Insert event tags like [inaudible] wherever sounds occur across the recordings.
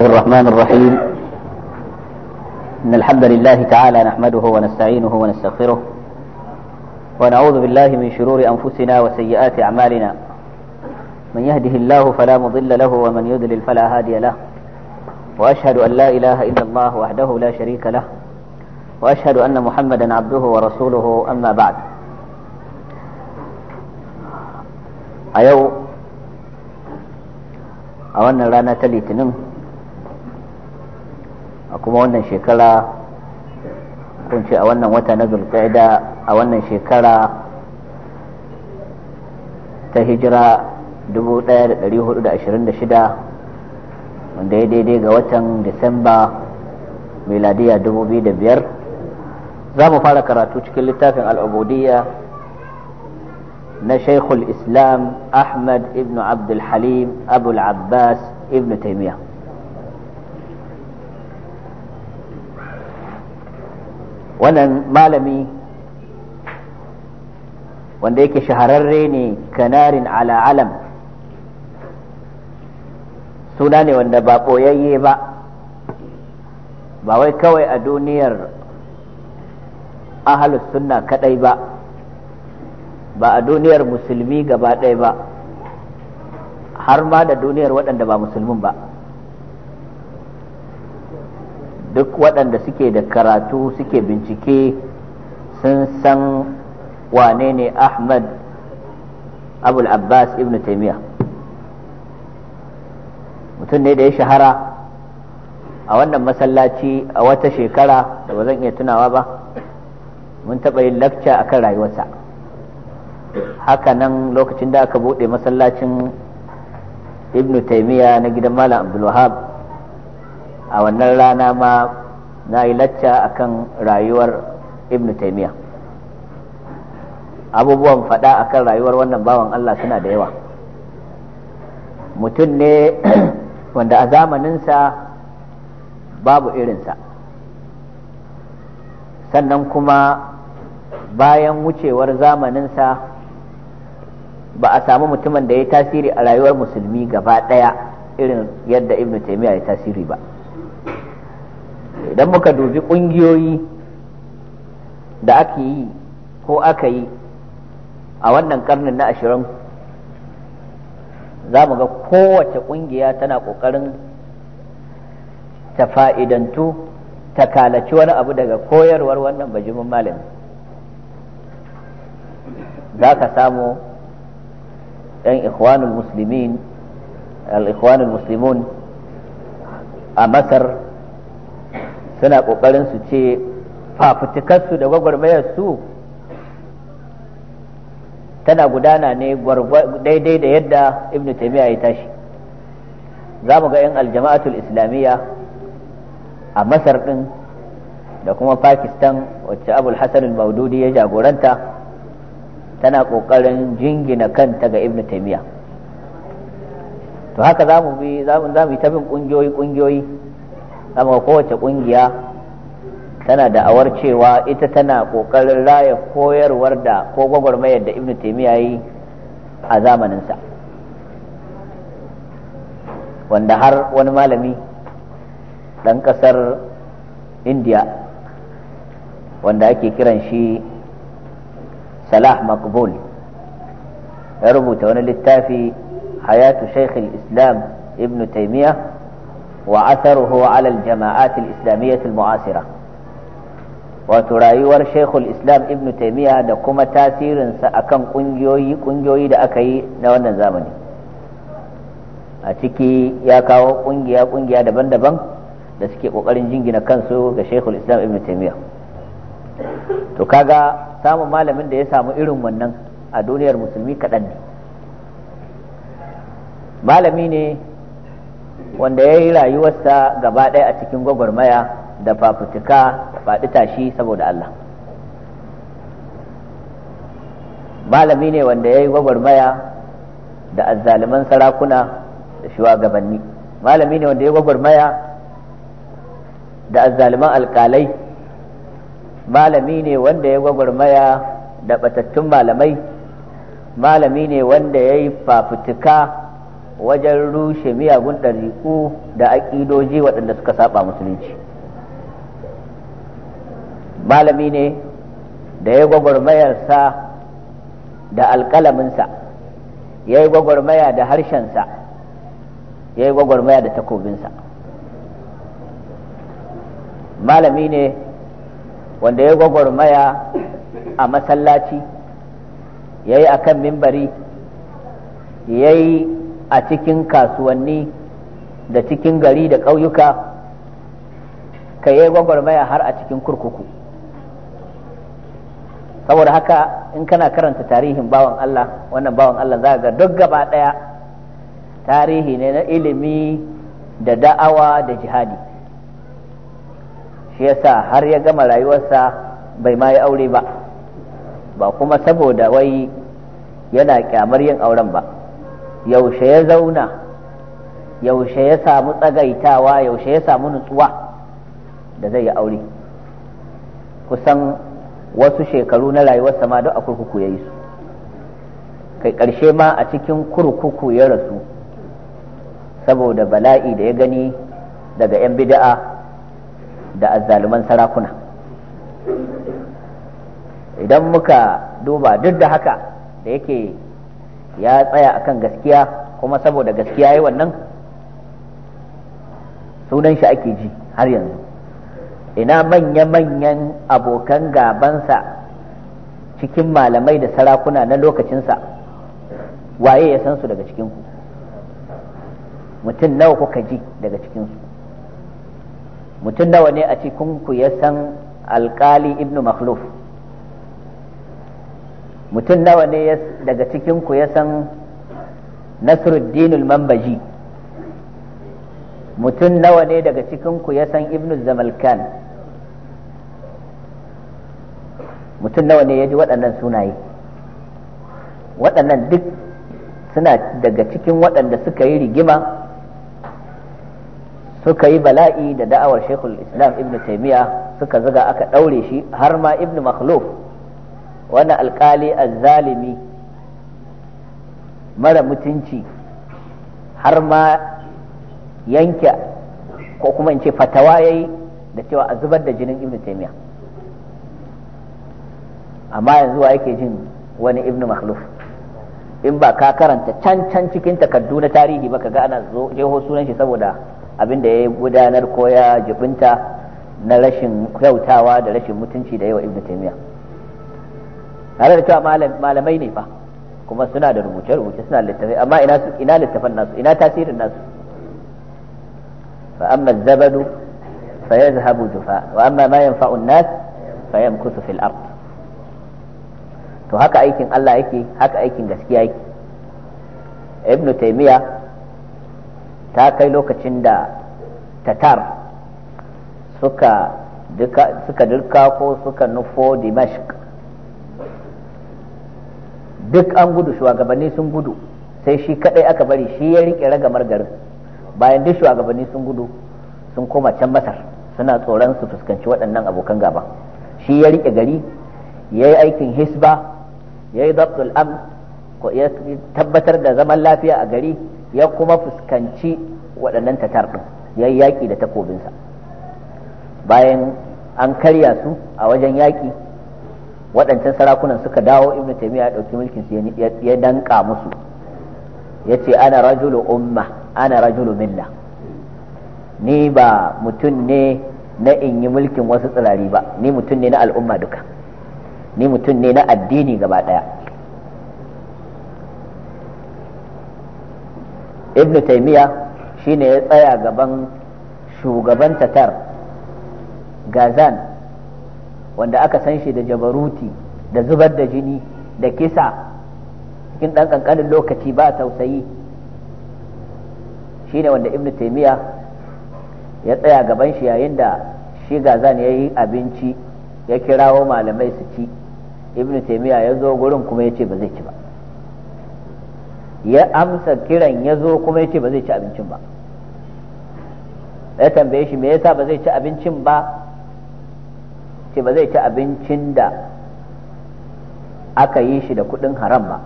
الله الرحمن الرحيم إن الحمد لله تعالى نحمده ونستعينه ونستغفره ونعوذ بالله من شرور أنفسنا وسيئات أعمالنا من يهده الله فلا مضل له ومن يضلل فلا هادي له وأشهد أن لا إله إلا الله وحده لا شريك له وأشهد أن محمدا عبده ورسوله أما بعد أيو أولا رانا تلي تنم kuma wannan shekara kun a wannan wata na zulqa'ida a wannan shekara ta hijira 1426 wanda ya daidai ga watan disamba miladiya 2005 za mu fara karatu cikin littafin al'ubudiyya na shaikhul islam ahmad ibn abdulhalim abul al'abbas ibn taimiyya wannan malami wanda yake shahararre ne kanarin ala alam suna ne wanda ba ɓoyayye ba ba wai kawai a duniyar ahalus sunna kaɗai ba ba a duniyar musulmi gaba ɗaya ba har ma da duniyar waɗanda ba musulmin ba duk waɗanda suke da karatu suke bincike sun san wane ne ahmad abul abbas ibn taimiyya mutum ne da ya shahara a wannan masallaci a wata shekara da ba zan iya tunawa ba mun taɓa yin lakca a kan rayuwarsa haka nan lokacin da aka buɗe masallacin ibn taimiyya na gidan malam abdulwahab a wannan rana ma na yi lacca akan rayuwar ibn taimiya abubuwan faɗa akan rayuwar wannan bawan Allah suna da yawa mutum ne [clears throat] wanda a zamaninsa babu irinsa sannan kuma bayan wucewar zamaninsa ba a samu mutumin da ya tasiri a rayuwar musulmi gaba ɗaya irin yadda ibn taimiyya ya tasiri ba idan muka dubi ƙungiyoyi da aka yi ko aka yi a wannan karnin na ashirin za mu ga kowace ƙungiya tana ƙoƙarin ta fa'idantu ta kalaci wani abu daga koyarwar wannan bajimin malami za ka samu 'yan ikhwanul muslimin ikhwanul muslimun a masar suna ƙoƙarin su ce fafutukarsu da gwagwarmayar su tana gudana ne daidai da yadda ibn taimiyya ya tashi za mu ga 'yan aljama'atul islamiyya a masar ɗin da kuma pakistan wacce abul hassan maududi ya jagoranta tana kokarin jingina kanta ga ibn taimiyya to haka za mu yi ta bin ƙungiyoyi. ƙungiyoyi kamar kowace kungiya tana da awar cewa ita tana kokarin raya koyarwar da ko gwagwarmayar da ibnu taymiya yi a zamaninsa wanda har wani malami ɗan ƙasar indiya wanda ake kiran shi salah makbul ya rubuta wani littafi hayatu shaikh islam ibnu taimiyya wa'asar وأثره على الجماعات mu'asira wato rayuwar شيخ islam ibnu taimiya da kuma tasirinsa akan kungiyoyi kungiyoyi da aka yi na wannan zamani a ciki ya kawo kungiya kungiya daban-daban da suke kokarin jingina kansu ga sheikhul islam ibn taymiya to kaga samun malamin da ya samu irin wannan a duniyar musulmi kaɗan ne malami ne wanda ya yi rayuwarsa gaba ɗaya a cikin gwagwarmaya da fafutuka faɗi tashi saboda Allah malami ne wanda ya yi gwagwarmaya da azzaliman sarakuna da shugabanni malami ne wanda ya yi gwagwarmaya da azzaliman alkalai malami ne wanda ya yi gwagwarmaya da batattun malamai malami ne wanda ya yi fafutuka wajen rushe miyagun ɗariƙu da aƙidoji waɗanda suka saba musulunci malami ne da ya gwagwarmayarsa da alƙalaminsa ya yi gwagwarmaya da harshensa ya yi gwagwarmaya da takobinsa malami ne wanda ya gwagwarmaya a masallaci ya yi a kan mimbari ya yi a cikin kasuwanni da cikin gari da ƙauyuka ka yi gwagwarmaya har a cikin kurkuku saboda haka in kana karanta tarihin bawan Allah wannan bawan Allah za ga duk gaba ɗaya tarihi ne na ilimi da da'awa da jihadi shi yasa har ya gama rayuwarsa bai ma yi aure ba ba kuma saboda wai yana kyamar yin auren ba yaushe ya zauna yaushe ya samu tsagaitawa yaushe ya samu nutsuwa da zai yi aure kusan wasu shekaru na rayuwar ma duk a kurkuku ya yi su kai ƙarshe ma a cikin kurkuku ya rasu saboda bala'i da ya gani daga 'yan bida'a da azzaluman sarakuna idan muka duba duk da haka da yake ya tsaya akan gaskiya kuma saboda gaskiya yi wannan sunan shi ake ji har yanzu ina manya-manyan abokan gabansa cikin malamai da sarakuna na lokacinsa waye ya san su daga cikinku mutum nawa kuka ji daga cikinsu mutum nawa ne a cikinku ya san alkali ibnu makhluf mutum nawa ne daga cikinku ya san nasruddinul mambaji mutum nawa ne daga cikinku ya san ibnu zamalkan mutum nawa ne ya ji waɗannan sunaye waɗannan duk suna daga cikin waɗanda suka yi rigima suka yi bala'i da da'awar shekul islam ibn taimiyya suka zaga aka ɗaure shi har ma ibn makhluf wannan alkali azzalimi mara mutunci har ma yanke ko kuma in ce fatawa ya yi da cewa a zubar da jinin ibn taimiya amma yanzu wa yake jin wani ibn makhluf in ba ka karanta can can cikin takardu na tarihi ba ka ga ana jeho sunan shi saboda abin da ya gudanar ko jibinta na rashin kyautawa da rashin mutunci da yawa ibn taimiya tare da cewa malamai ne fa kuma suna da rubuce rubuce suna littafai amma ina ina littafan nasu ina tasirin nasu fa amma zabadu fa yazhabu jufa wa amma ma yanfa'u an-nas fa yamkusu fil ard to haka aikin Allah yake haka aikin gaskiya yake ibn taymiya ta kai lokacin da tatar suka duka suka dirka ko suka nufo dimashq duk an gudu shugabanni sun gudu sai shi kadai aka bari shi ya rike ragamar garin bayan duk shugabanni sun gudu sun koma can masar suna tsoron su fuskanci waɗannan abokan gaba shi ya rike gari ya yi aikin hisba ya yi zabtul am ya tabbatar da zaman lafiya a gari ya kuma fuskanci waɗannan tatar ɗin ya yi yaƙi da takobinsa bayan an karya su a wajen yaƙi waɗancan sarakunan suka dawo ibnu taymiya ya dauki mulkin su ya danka musu yace ana rajulu umma ana rajulu milla ni ba mutum ne na in yi mulkin wasu tsirari ba ni mutum ne na al'umma duka ni mutum ne na addini gaba daya ibnu taymiya shine ya tsaya gaban shugaban tatar gazan wanda aka san shi da jabaruti da zubar da jini da kisa cikin ɗan ƙanƙanin lokaci ba tausayi shi ne wanda ibn Taimiyya ya tsaya gaban shi yayin da shi gazan ya yi abinci ya kirawo malamai su ci ibn Taimiyya ya zo gurin kuma ya ce ba zai ci ba ya amsa kiran ya zo kuma ya ce ba zai ci abincin ba ya tambaye shi me yasa ba zai ci abincin ba ce ba zai ci abincin da aka yi shi da kudin haram ba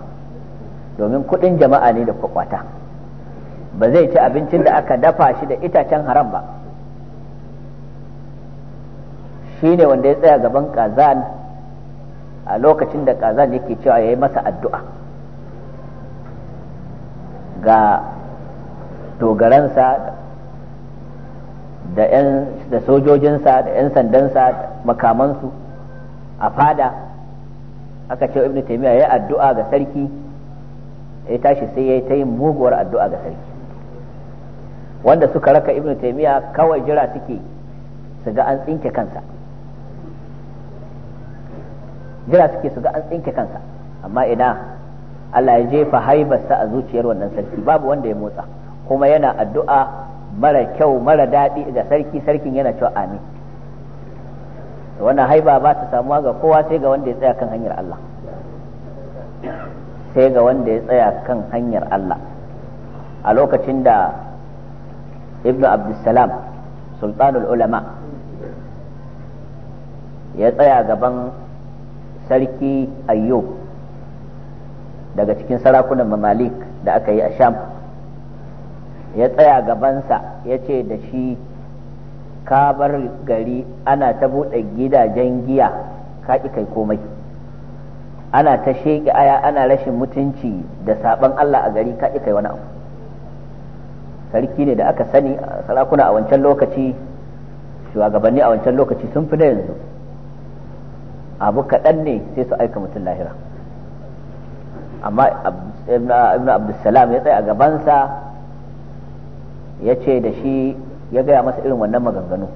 domin kudin jama'a ne da kwakwata ba zai ci abincin da aka dafa shi da itacen haram ba shi ne wanda ya tsaya gaban kazan a lokacin da kazan yake cewa ya yi masa addu'a ga dogaransa da yan da sojojinsa da yan sandansa makamansu a fada aka ce ibnu taymiya yayi addu'a ga sarki ya tashi sai yayi ta yin muguwar addu'a ga sarki wanda suka raka ibnu taymiya kawai jira suke su ga an tsinke kansa jira suke su ga an tsinke kansa amma ina Allah ya jefa haibarsa a zuciyar wannan sarki babu wanda ya motsa kuma yana addu'a mara kyau mara daɗi ga sarki sarkin yana cewa amin wannan haiba ba ta samuwa ga kowa sai ga wanda ya tsaya kan hanyar Allah sai ga wanda ya tsaya kan hanyar Allah a lokacin da ibnu abdussalam sultanul ulama ya tsaya gaban sarki ayyub daga cikin sarakunan mamalik da aka yi a sham ya tsaya gabansa ya ce da shi ka bar gari ana ta buɗe gidajen giya ka ƙi kai komai ana ta sheƙi aya ana rashin mutunci da saɓon Allah a gari ka ƙi kai wani abu sarki ne da aka sani sarakuna a wancan lokaci shugabanni a wancan lokaci sun fi da yanzu abu kaɗan ne sai su aika mutum lahira amma ibn abdulsalam ya tsaya a gabansa ya ce da shi ya gaya masa irin wannan maganganu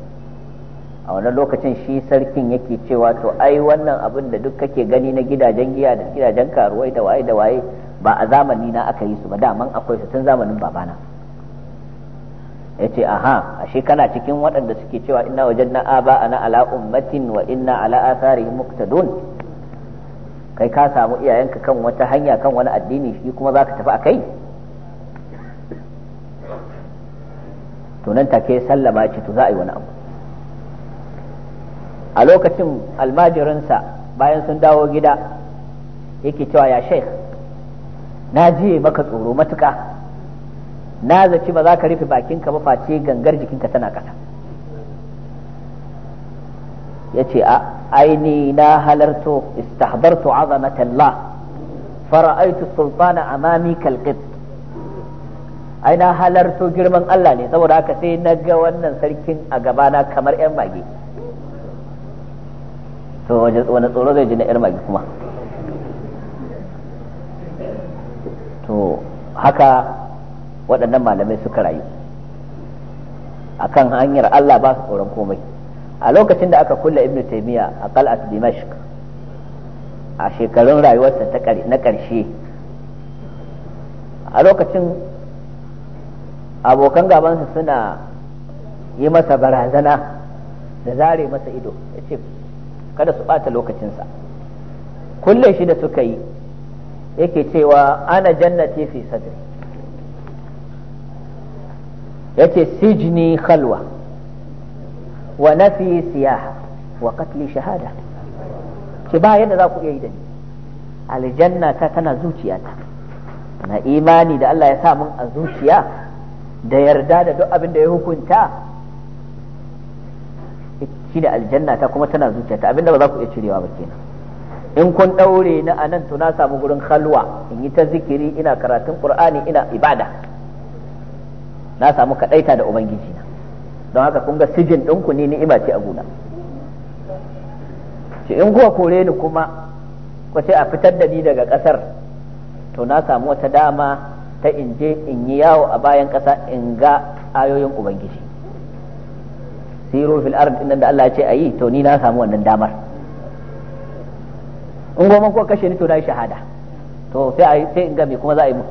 a wannan lokacin shi sarkin yake cewa to ai wannan abin da duk kake gani na gidajen giya da gidajen karuwai da waye da waye ba a zamani na aka yi su ba daman akwai su tun zamanin babana ya ce aha ashe kana cikin waɗanda suke cewa ina wajen wajadna aba ana ala ummatin wa inna ala asari muktadun kai ka samu iyayenka kan wata hanya kan wani addini shi kuma zaka tafi a kai. to nan take sallama ya ce to za a yi wani abu a lokacin almajirinsa bayan sun dawo gida yake cewa ya sheikh na jiye maka tsoro matuka na zaci ba za ka rufe bakinka ba face gangar jikinka tana ƙasa ya ce a aini na halarto istahbartu azamatallah fara'aitu sultana amami kalqit ai na halarto girman Allah ne saboda haka sai na ga wannan sarkin a gabana kamar yan mage to wani tsoro zai ji na yan mage kuma to haka waɗannan malamai suka rayu akan hanyar Allah ba su tsoron komai a lokacin da aka kulla ibnu taymiya a qal'at dimashq a shekarun rayuwarsa na ƙarshe a lokacin abokan gabansa suna yi masa barazana da zare masa ido ya ce kada su ɓata lokacinsa kulle shi da suka yi yake cewa ana jannati fi sadri ce sijni khalwa wa nafi siyaha wa katli shahada ce ba yadda za ku iya yi da ni aljanna ta tana zuciyata na imani da Allah ya sa mun a zuciya da yarda da duk abin da ya hukunta shi da aljanna ta kuma tana zuciya abin da ba za ku iya cirewa ba kenan in kun ɗaure ni a nan to na samu gurin halwa in yi ta zikiri ina karatun qur'ani ina ibada na samu kaɗaita da ubangiji na don haka kun ga sijin ɗinku ni ni'ima ce a gona shi in kuwa kore ni kuma ku ce a fitar da ni daga ƙasar to na samu wata dama ta in je in yi yawo a bayan ƙasa in ga ayoyin ubangiji siru fil ard inda da Allah ya ce ayi to ni na samu wannan damar in goma ko kashe ni to dai shahada to sai sai in ga me kuma za a yi mu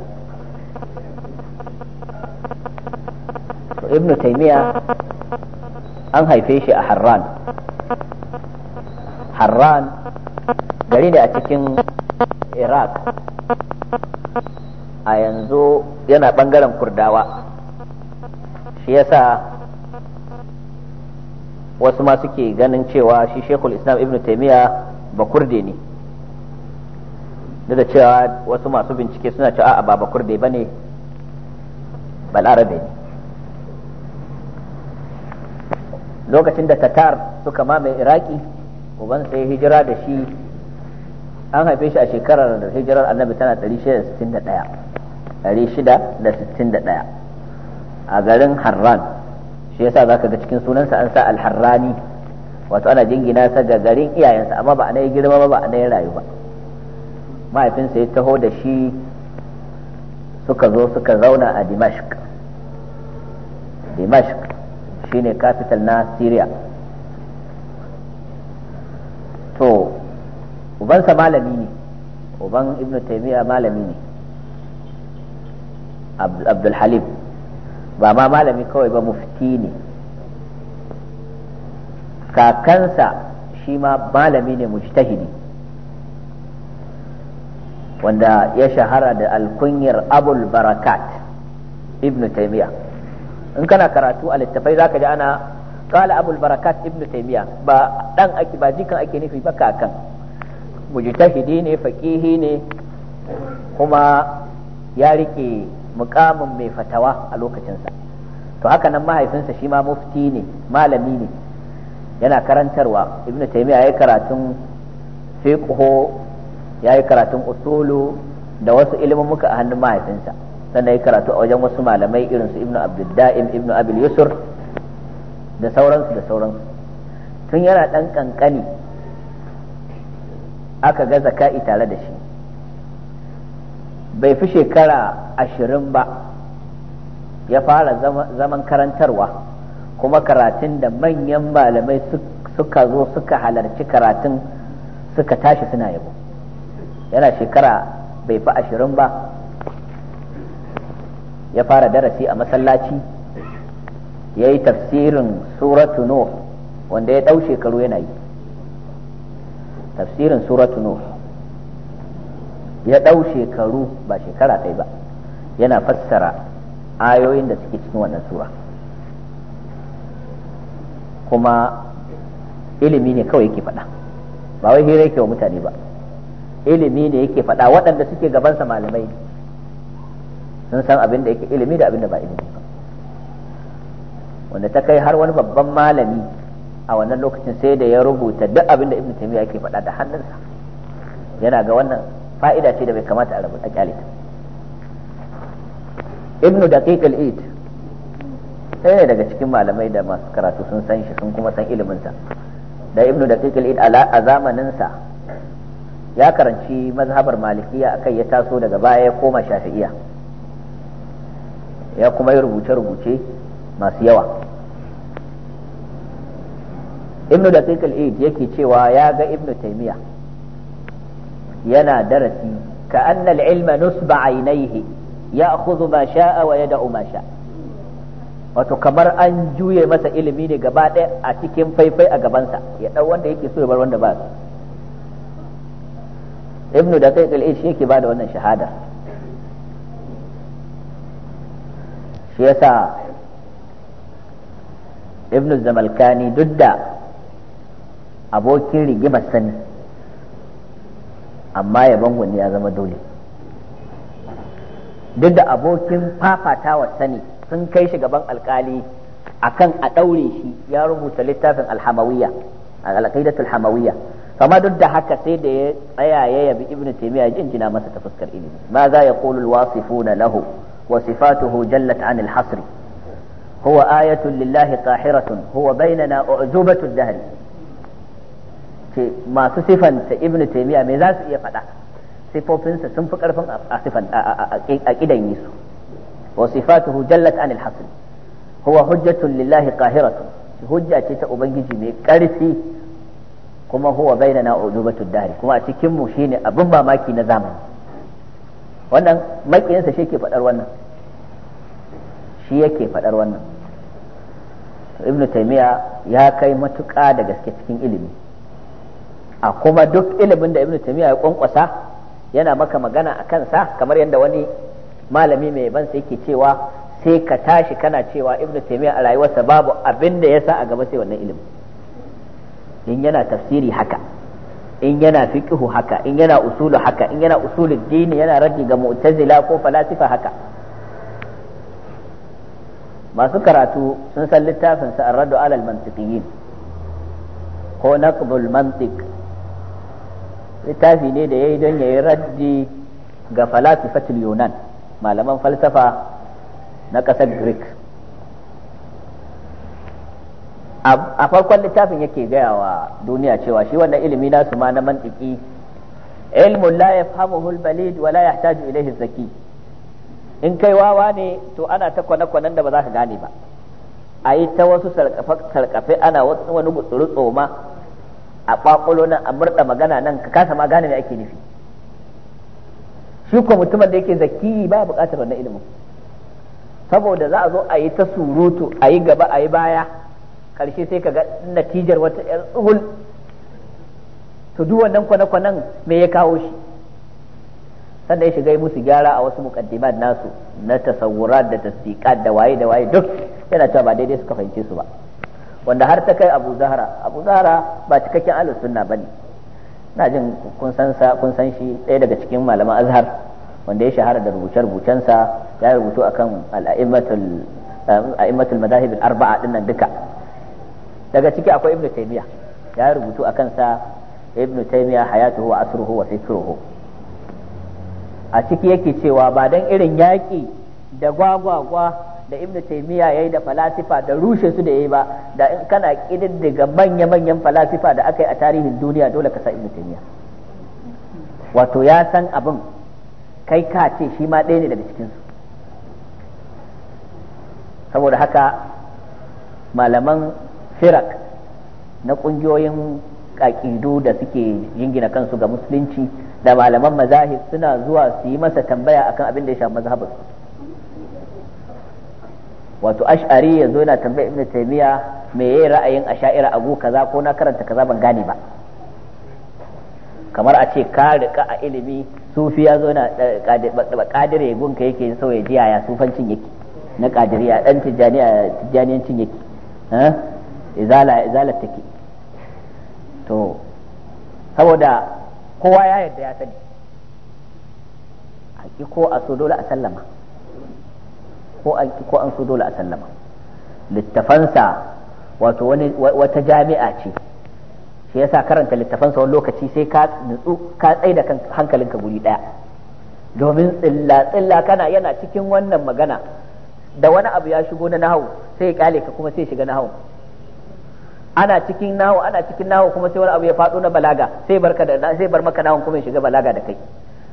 ibnu taymiya an haife shi a harran harran gari ne a cikin iraq a yanzu yana bangaren kurdawa shi yasa wasu ma suke ganin cewa shi shekul islam ibn taimiyya ba kurde ne da cewa wasu masu bincike suna cewa a ba kurde ba ne balarabe ne lokacin da tatar suka mamaye iraki uban sai hijira da shi an haife shi a shekarar da hijirar annabi tana 661 661 a garin harran shi yasa za ka ga cikin sunansa an sa alharrani wato ana jingina sa ga garin iyayensa amma ba a yi girma ba ba na yi rayu ba mahaifinsa ya taho da shi suka zo suka zauna a dimashq shi ne capital na syria to ubansa malami ne uban ibnu taymiya malami ne Abdulhalim ba ma malami kawai ba mufti ne kakansa shi ma malami ne mujtahidi wanda ya shahara da alkunyar abul barakat ibn taymiya in kana karatu a littafai zaka ji ana kala abul barakat ibn taymiya ba dan ake ba jikan ake nufi ba kakan mujtahidi ne faqihi ne kuma ya rike mukamin mai fatawa a lokacinsa to haka nan mahaifinsa shi ma mufti ne malami ne yana karantarwa ibn taymiya yayi karatun fiqh yayi karatun usulu da wasu ilimin muka a hannun mahaifinsa sannan yayi karatu a wajen wasu malamai irin su ibn abdul da'im ibn abil yusr da sauransu da sauransu tun yana dan kankani aka ga zaka'i tare da shi bai fi shekara ashirin ba ya fara zaman karantarwa kuma karatun da manyan malamai suka zo suka halarci karatun suka tashi suna yabo yana shekara bai fi ashirin ba ya fara darasi a masallaci ya yi tafsirin suratu nur wanda ya ɗau shekaru yana yi tafsirin suratu nur ya ɗau shekaru ba shekara ɗaya ba yana fassara ayoyin da suke cikin wannan sura kuma ilimi ne kawai yake faɗa ba wai hira yake wa mutane ba ilimi ne yake faɗa waɗanda suke gabansa malamai sun san abin da yake ilimi da abin da ba ilimi ba wanda ta kai har wani babban malami a wannan lokacin sai da ya rubuta duk abin da ibn taymiya yake faɗa da hannunsa yana ga wannan fa'ida ce da bai kamata a rabu a kyale ta ibnu daqiq al-eid sai ne daga cikin malamai da masu karatu sun san shi sun kuma san ilimin da ibnu daqiq al-eid a zamanin sa ya karanci mazhabar malikiya akai ya taso daga baya ya koma shafi'iya ya kuma yi rubuce-rubuce masu yawa ibnu daqiq al-eid yake cewa ya ga ibnu taymiyyah yana darasi ka annal ilma nusba ainihi ya akhudhu ma sha'a wa yada'u ma sha'a wato kamar an juye masa ilimi ne gaba ɗaya a cikin faifai a gabansa ya ɗau wanda yake so ya bar wanda ba su ibnu da kai kalai shi yake ba da wannan shahada shi yasa ibnu zamalkani duk da abokin rigimar sani amma yaban wani ya zama dole duk da abokin fafatawa sani sun kai shi gaban alkali akan a ɗaure shi ya rubuta littafin alhamawiyya al-aqidatul hamawiyya duk da haka sai da ya tsaya ya yabi ibnu taymiya ya jinjina masa ta fuskar ilimi ma za ya qulu al lahu wa sifatuhu jallat an alhasri huwa ayatun lillahi qahiratun huwa bainana u'jubatud dahri ce masu sifanta ibnu taymiya me za su iya faɗa sifofinsa sun fi karfin a sifan a kidan su wa sifatuhu jallat anil huwa hujjatun lillahi qahiratu hujja ce ta ubangiji mai karfi kuma huwa bainana udubatud dari kuma a cikin mu shine abin mamaki na zamani wannan makiyinsa shi ke faɗar wannan shi yake faɗar wannan ibnu taymiya ya kai matuƙa da gaske cikin ilimi a kuma duk ilimin da ibnu taymiya ya kwankwasa yana maka magana a kansa kamar yadda wani malami mai ban sai yake cewa sai ka tashi kana cewa ibnu taymiya a rayuwarsa babu abin da sa a gaba sai wannan ilimi in yana tafsiri haka in yana fiqhu haka in yana usulu haka in yana usulul dini yana raddi ga mu'tazila ko falasifa haka masu karatu sun san littafin sa ar-raddu alal mantiqiyin ko naqdul mantiq littafi ne da ya yi don ya yi raddi ga falasifatul yunan malaman falsafa na ƙasar greek a farkon littafin yake gaya wa duniya cewa shi wannan ilimi nasu ma na mantiki ilmun la ya al hulbalid wa la yahtaju ilayhi zaki in kai wawa ne to ana ta kwana da ba za ka gane ba a yi ta wasu sarkafe ana wani gutsuru tsoma a kwakwalo nan a murda magana nan ka kasa ma gane me ake nufi shi ko mutumin da yake zaki ba buƙatar wannan ilimin saboda za a zo a yi ta surutu a yi gaba a yi baya ƙarshe sai ka ga natijar wata yar tsuhul to duk wannan kwanakwanan kwanen me ya kawo shi sannan ya shiga musu gyara a wasu mukaddimat nasu na tasawurat da tasdiqat da waye da waye duk yana cewa ba daidai suka fahimce su ba wanda har ta kai Abu Zahra Abu Zahra ba cikakken ahlus sunna ba ne na jin kun san sa kun san shi ɗaya daga cikin malaman Azhar wanda ya shahara da rubuce rubucensa ya rubutu akan al-a'immatul eh, a'immatul madahib al-arba'a dinnan duka daga ciki akwai Ibn Taymiyyah ya rubutu akan sa Ibn Taymiyyah hayatuhu wa asruhu wa fikruhu a ciki yake cewa ba dan irin yaki da gwagwagwa da ibnu taymiya yayi da falasifa da rushe su da yayi ba da in kana kididdiga manya manyan falasifa da aka yi a tarihin duniya dole ka sa ibnu taymiya wato ya san abin kai ka ce shi ma ɗaya ne daga cikin su saboda haka malaman firak na ƙungiyoyin ƙaƙidu da suke jingina kansu ga musulunci da malaman mazahib suna zuwa su yi masa tambaya akan abin da ya shafi mazhabinsu wato ash'ari yanzu yana tambayar ibnu taymiya me yayi ra'ayin asha'ira abu kaza ko na karanta kaza ban gane ba kamar a ce ka rika a ilimi sufi ya zo na ya gunka yake so ya ji yaya sufancin yake na ya dan a tijaniyancin yake eh, izala izala take to saboda kowa ya yarda ya sani a ko a so dole a sallama ko an ko an so dole a sallama littafansa wato wani wata jami'a ce shi yasa karanta littafansa wani lokaci sai ka nutsu ka tsai da hankalinka guri daya domin tsilla tsilla kana yana cikin wannan magana da wani abu ya shigo na nahu sai ya kyale ka kuma sai shiga nahawu ana cikin nahau ana cikin nahau kuma sai wani abu ya faɗo na balaga sai barka da sai bar maka nahu kuma ya shiga balaga da kai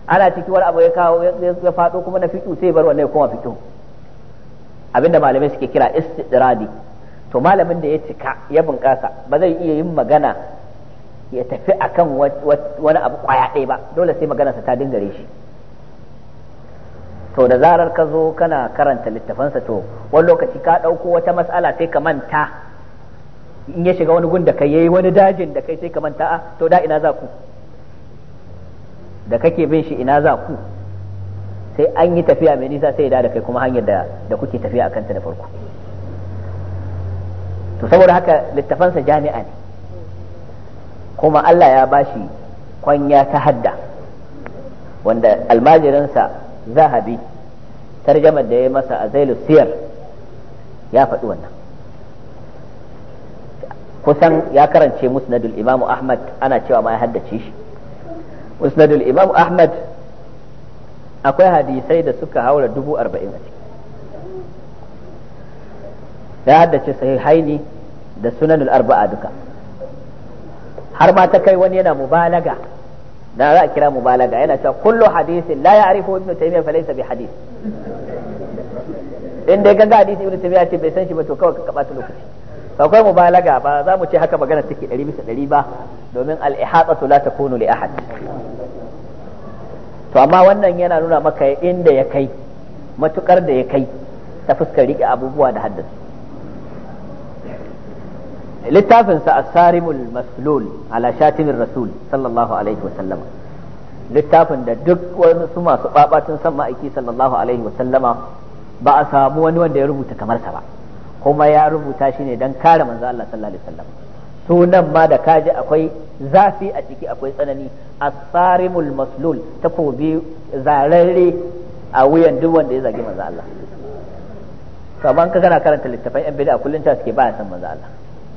ana cikin wani abu ya kawo ya faɗo kuma na fitu sai bar wannan ya koma fito. abinda malamai suke kira istidradi to malamin da ya cika ya bunƙasa ba zai iya yin magana ya tafi akan wani abu kwaya ɗaya ba dole sai maganarsa ta dingare shi to da zarar ka zo kana karanta littafansa to wani lokaci ka ɗauko wata matsala sai ka manta in ya shiga wani gun da kai yayi wani dajin da kai sai ka manta a ah, to da ina za ku da kake bin shi ina za ku sai an yi tafiya mai nisa sai ya da kai kuma hanyar da da kuke tafiya a kanta da farko to saboda haka littafansa jami'a ne kuma Allah ya bashi kwanya ta hadda wanda almajirinsa zahabi tarjamar da ya masa a zailu siyar ya faɗi wannan kusan ya karance musnadul imamu ahmad ana cewa ma ya haddace shi musnadul imamu ahmad akwai hadisai da suka haura dubu arba'in a ciki ya haddace haini da sunanul arba'a duka har ma ta kai wani yana mubalaga da za a kira mubalaga yana cewa kullu hadisin la ya'rifu ibn taymiyyah fa laysa bi hadis in dai ganga hadisi ibn taymiyyah ce bai san shi ba to kawai ka kaba lokaci akwai mubalaga ba za mu ce haka magana take 100 bisa 100 ba domin al-ihatatu la takunu li ahad to amma wannan yana nuna maka inda ya kai matukar da ya kai ta fuskar rike abubuwa da haddasa littafinsa A Sarimul maslul ala shatimin rasul sallallahu alaihi wasallam littafin da duk wasu masu babatun san ma'aiki sallallahu alaihi wasallama ba a samu wani wanda ya rubuta kamar sa ba kuma ya rubuta shi ne don kare manzo Allah sallallahu alaihi wasallam sunan ma da kaji akwai zafi a ciki akwai tsanani asarimul maslul takobi zararre a wuyan duk wanda ya zagi manzo Allah kaman ka kana karanta littafin yan bid'a kullun ta suke baya san manzo Allah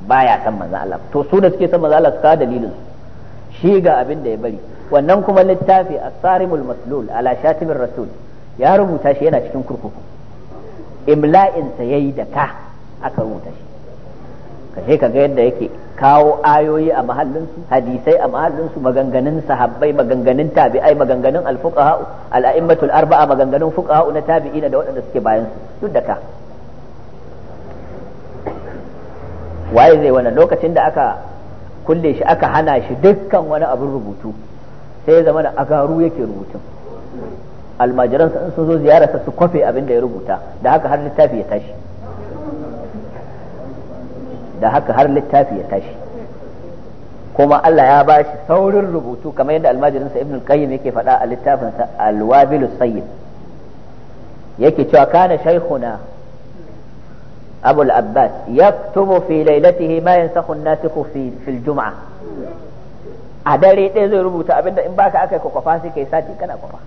baya san manzo Allah to su da suke san manzo Allah su ka dalilin shi ga abin da ya bari wannan kuma littafi asarimul maslul ala shatibir rasul ya rubuta shi yana cikin kurkuku imla'in sa yayi da ka aka rubuta shi ka ga yadda yake kawo ayoyi a mahallinsu hadisai a mahallinsu maganganun sahabbai maganganun tabi'ai maganganun alfuqaha al'a'immatul arba'a maganganun fuqaha na tabi'ina da waɗanda suke bayan su duk da ka waye zai wannan lokacin da aka kulle shi aka hana shi dukkan wani abin rubutu sai ya zama da agaru yake rubutun almajiransa in sun zo ziyararsa su kwafe abin da ya rubuta da haka har littafi ya tashi da haka har littafi ya tashi kuma Allah ya ba shi saurin rubutu kamar yadda almajirinsa ibn qayyim yake faɗa a littafinsa alwabil sayyid yake cewa kana shaykhuna abu al-abbas yaktubu fi lailatihi ma yansakhu an-nasikhu fi fil jum'a a dare ɗaya zai rubuta abinda in baka aka kwakwafa sai kai sati kana kwafa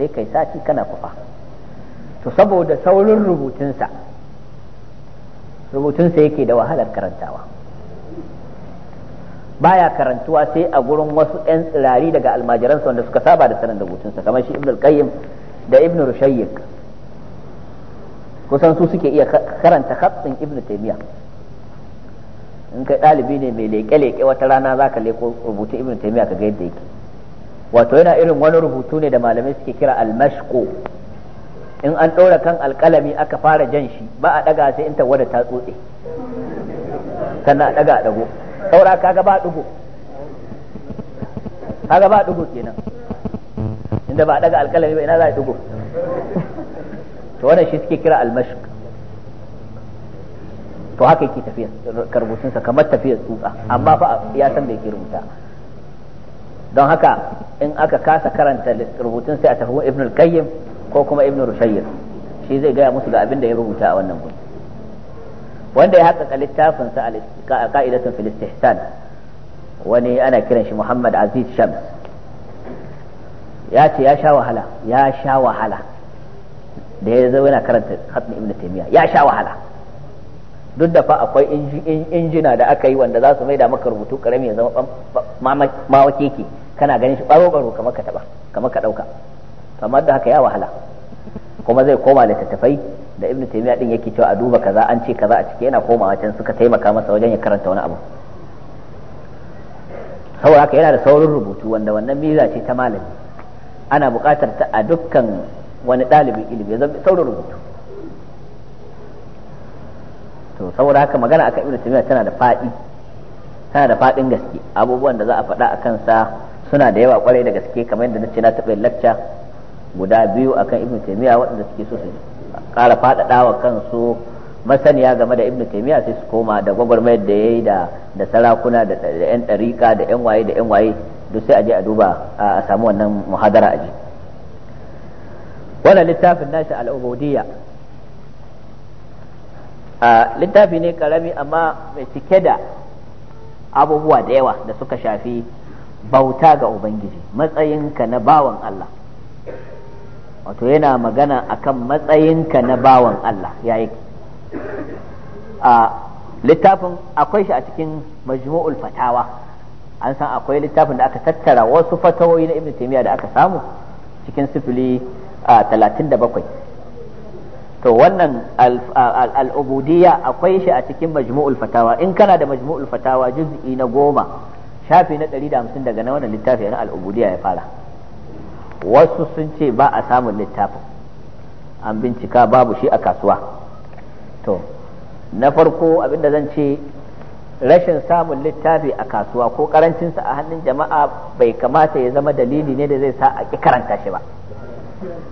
sai kai sati kana kwafa to saboda saurin rubutunsa rubutunsa yake da wahalar karantawa baya karantuwa sai a gurin wasu 'yan tsirari daga almajiransa wanda suka saba da sanin rubutunsa kamar shi ibn al-qayyim da ibn rushayyik kusan su suke iya karanta khatsin ibn taymiya in kai ɗalibi ne mai leƙe-leƙe wata rana za ka leƙo rubutu ibn taymiya ka ga yadda yake wato yana irin wani rubutu ne da malamai suke kira al-mashqu in an ɗora kan alƙalami aka fara jan shi ba a ɗaga sai in tawada ta tsotse sannan a ɗaga a ɗago saura kaga ba ɗigo kaga ba ɗigo kenan inda ba a ɗaga alƙalami ba ina za a ɗigo to wannan shi suke kira almashq to haka yake tafiyar karbutunsa kamar tafiya tsutsa amma fa ya san bai ke rubuta don haka in aka kasa karanta rubutun sai a tafi ibn al-qayyim ko kuma ibnu rushayyir shi zai gaya musu ga abin da ya rubuta a wannan gun wanda ya haƙaƙa littafin sa ka'idatun fil istihsan wani ana kiran shi Muhammad Aziz Shams ya ce ya sha wahala ya sha wahala da ya zo yana karanta hatsin ibnu taymiya ya sha wahala duk da fa akwai injina da aka yi wanda za su maida maka rubutu karami ya zama keke kana ganin shi baro baro kamar ka kamar ka ɗauka. kamar da haka ya wahala kuma zai koma littattafai da ibnu taymiya din yake cewa a duba kaza an ce kaza a ciki yana komawa can suka taimaka masa wajen ya karanta wani abu saboda haka yana da saurin rubutu wanda wannan miza ce ta malami ana buƙatar ta a dukkan wani ɗalibin ilimi ya zama saurin rubutu to saboda haka magana akan ibnu taymiya tana da faɗi tana da faɗin gaske abubuwan da za a faɗa akan sa suna da yawa kwarai da gaske kamar yadda na ce na taɓa lacca guda biyu akan ibn taymiya waɗanda suke so su ƙara faɗaɗawa kansu masaniya game da ibnu taymiya sai su koma da gwagwarmayar da ya yi da sarakuna da yan ɗarika da yan waye da yan waye duk sai a je a duba a samu wannan muhadara aji wannan littafin nashi al'ubudiyya ubudiyya littafi ne karami amma mai cike da abubuwa da yawa da suka shafi bauta ga ubangiji matsayinka na bawan Allah wato yana magana akan matsayinka na bawan Allah ya yi a littafin akwai shi a cikin majmu'ul fatawa an san akwai littafin da aka tattara wasu fatawoyi na ibn taymiyyah da aka samu cikin sifili talatin da bakwai to wannan al'ubudiyya akwai shi a cikin majmu'ul fatawa in kana da majmu'ul fatawa juz'i na goma shafi na 150 daga na wannan littafi na al'ubudiyya ya fara wasu sun ce ba a samun littafin an bincika babu shi a kasuwa to na farko abinda zan ce rashin samun littafi a kasuwa ko karancinsa a hannun jama'a bai kamata ya zama dalili ne da zai sa a ƙi karanta shi ba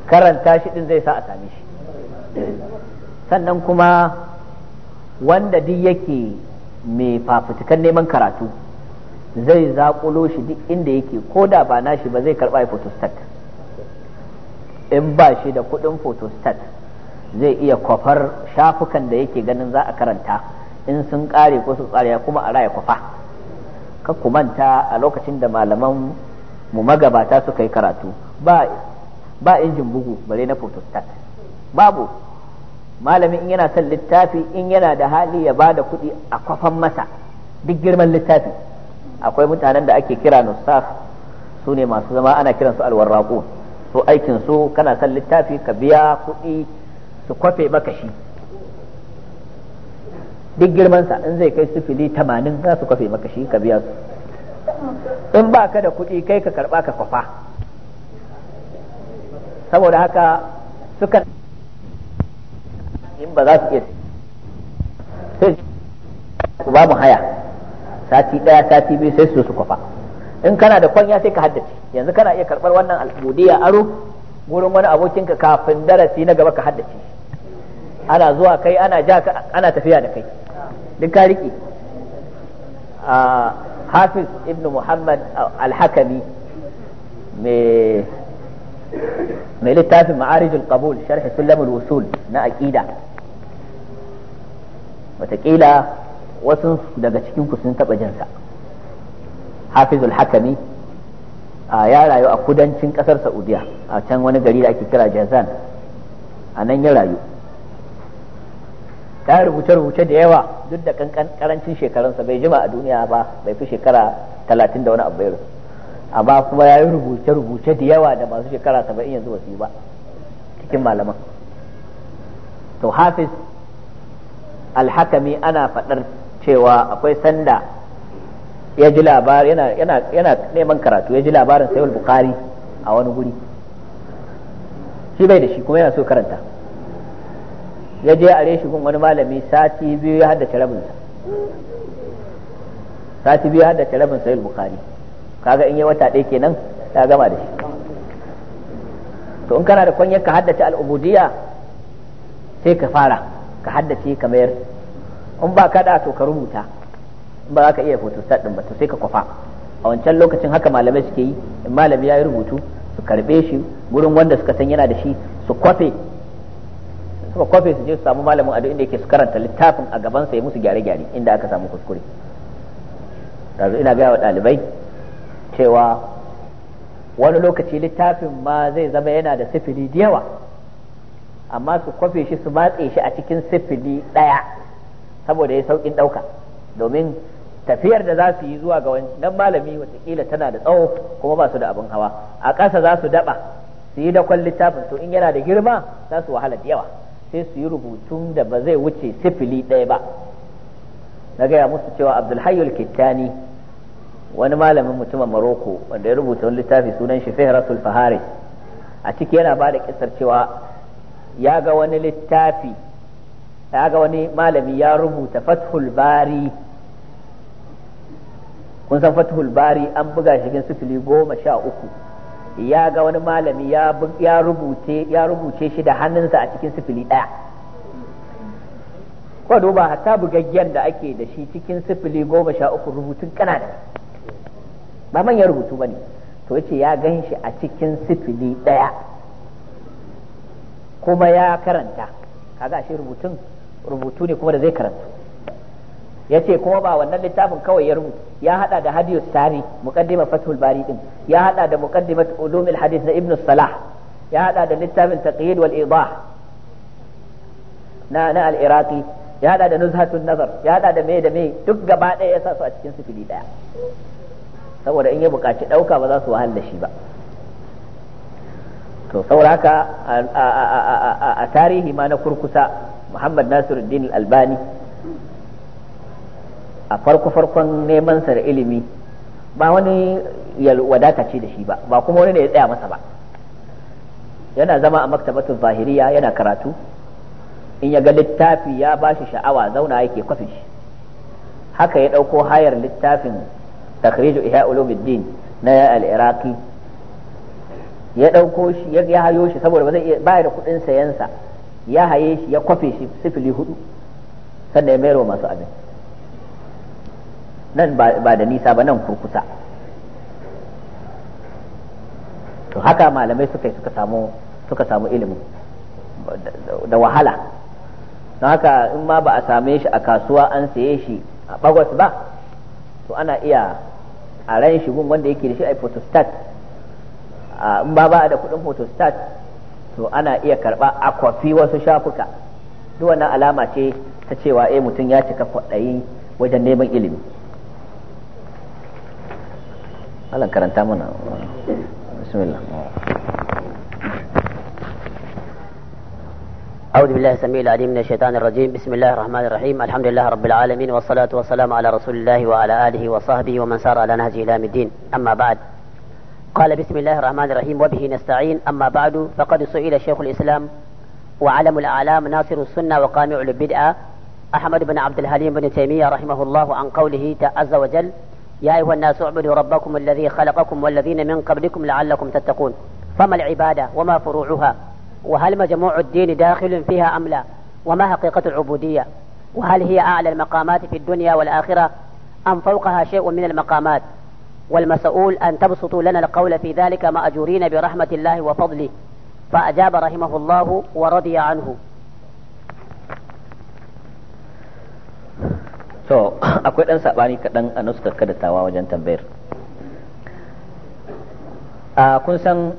karanta shi din zai sa a sami shi sannan kuma wanda duk yake mai fafutukan neman karatu zai zaƙulo shi duk inda yake ko da ba nashi ba zai karɓa ya fotostat in ba shi da kuɗin photostat zai iya kwafar shafukan da yake ganin za a karanta in sun kare ko su tsariya kuma a raya kwafa ku manta a lokacin da malaman mu magabata suka yi karatu ba ba injin bugu bare na photostat babu malamin in yana son littafi in yana da hali ya ba da kuɗi a kwafan masa duk girman littafi akwai mutanen da ake kira nusaf su ne masu zama ana kiransu alwarraƙo so aikin su kana son littafi ka biya kuɗi su kwafe maka shi duk girmansa in zai kai sifili tamanin za su kwafe maka shi ka biya su in ba ka da kuɗi kai ka karɓa ka kwafa saboda haka sukan in ba za su iya sai su ba mu haya sati ɗaya sati biyu sai su su kwafa in kana da kwanya sai ka haddace yanzu kana iya karɓar wannan albudiya aro gurin wani abokinka kafin darasi na gaba ka haddace ana zuwa kai ana ja ka ana tafiya da kai duk ka hafiz ibn muhammad Alhakami mai littafin ma'arijul qabul sharhi sulamul wusul na aqida wataƙila wasu daga cikin sun taɓa jinsa hafizul hakami ya rayu a kudancin kasar saudiya a can wani gari da ake kira jazan a nan ya rayu ta rubuce-rubuce da yawa duk da karancin shekarunsa bai jima a duniya ba bai fi shekara talatin da wani abu ya amma kuma ya yi rubuce-rubuce da yawa da masu shekara saba'in yanzu ba su yi ba cikin malaman to hafiz alhakami ana faɗar cewa akwai sanda ya ji labarin yana yana yana neman karatu ya ji labarin sayyid bukhari a wani guri shi bai da shi kuma yana so karanta ya je a reshi gun wani malami sati biyu ya haddace rabin sa sati biyu ya haddace rabin sayyid bukhari kaga in yi wata ɗaya kenan ta gama da shi to in kana da kwanyar ka haddace al'ubudiyya sai ka fara ka haddace ka mayar in ba kada to ka rubuta ba za ka iya photostat din ba to sai ka kwafa a wancan lokacin haka malamai suke yi in malami ya yi rubutu su karbe shi gurin wanda suka san yana da shi su kwafe suka kwafe su je su samu malamin a duk inda yake su karanta littafin a gaban sa ya musu gyare-gyare inda aka samu kuskure yanzu ina gaya wa ɗalibai cewa wani lokaci littafin ma zai zama yana da sifili da yawa amma su kwafe shi su matse shi a cikin sifili ɗaya saboda ya saukin ɗauka domin tafiyar da za su yi zuwa ga wani dan malami watakila tana da tsawo kuma ba su da abin hawa a ƙasa za su daɓa su yi dakon littafin to in yana da girma za su wahala da yawa sai su yi rubutun da ba zai wuce sifili ɗaya ba na gaya musu cewa abdulhayyul kittani wani malamin mutumin maroko wanda ya rubuta wani littafi sunan shi Rasul faharis a ciki yana ba da kisar cewa ya ga wani littafi ya ga wani malami ya rubuta fathul bari kun san fathul bari an buga shi cikin sifili goma sha uku ya ga wani malami ya rubuce ya rubuce shi da hannunsa a cikin sifili ɗaya ko duba hatta bugaggen da ake da shi cikin sifili goma sha uku rubutun kanada ba manyan rubutu ba ne to yace ya gan shi a cikin sifili ɗaya kuma ya karanta kaga shi rubutun rubutu ne kuma da zai karanta yace kuma ba wannan littafin kawai ya rubuta ya hada da hadiyu sari muqaddima fathul bari din ya hada da muqaddimat ulumul hadith na ibn salah ya hada da littafin taqyid wal idah na na al iraqi ya hada da nuzhatun nazar ya hada da me da me duk gaba ɗaya ya su a cikin sifili ɗaya saboda in ya buƙaci ɗauka ba za su wahala shi ba to saboda haka a tarihi ma na kurkusa muhammad nasiruddin albani a farko farkon neman sa da ilimi ba wani ya wadata ce da shi ba ba kuma wani ne ya tsaya masa ba yana zama a maktabatu zahiriya yana karatu in ya ga littafi ya ba shi sha'awa zauna yake kwafi shi haka ya ɗauko hayar littafin takhrijul ihya ulumuddin na al-iraqi ya ɗauko shi ya hayo shi saboda ba zai iya baya da kuɗin sayansa ya haye shi ya kwafe shi sifili hudu sannan ya mayar wa masu abin nan ba da nisa ba nan kurkusa to haka malamai suka suka samu suka ilimi da wahala don haka in ma ba a same shi a kasuwa an saye shi a bagwas ba to ana iya a ran shi gun wanda yake da shi a photostat in ba ba da kudin photostat to ana iya karba a kwafi wasu shafuka duk wannan alama ce ta cewa eh mutum ya cika kwaɗayi wajen neman ilimi Alah karanta mana? Bismillah. أعوذ بالله السميع العليم من الشيطان الرجيم بسم الله الرحمن الرحيم الحمد لله رب العالمين والصلاة والسلام على رسول الله وعلى آله وصحبه ومن سار على نهجه إلى الدين أما بعد قال بسم الله الرحمن الرحيم وبه نستعين أما بعد فقد سئل شيخ الإسلام وعلم الأعلام ناصر السنة وقامع البدعة أحمد بن عبد الحليم بن تيمية رحمه الله عن قوله عز وجل يا أيها الناس اعبدوا ربكم الذي خلقكم والذين من قبلكم لعلكم تتقون فما العبادة وما فروعها وهل مجموع الدين داخل فيها أم لا وما حقيقة العبودية وهل هي أعلى المقامات في الدنيا والآخرة أم فوقها شيء من المقامات والمسؤول أن تبسطوا لنا القول في ذلك مأجورين برحمة الله وفضله فأجاب رحمه الله ورضي عنه to [coughs] akwai dan sabani kadan a kada tawa wajen tambayar a kun san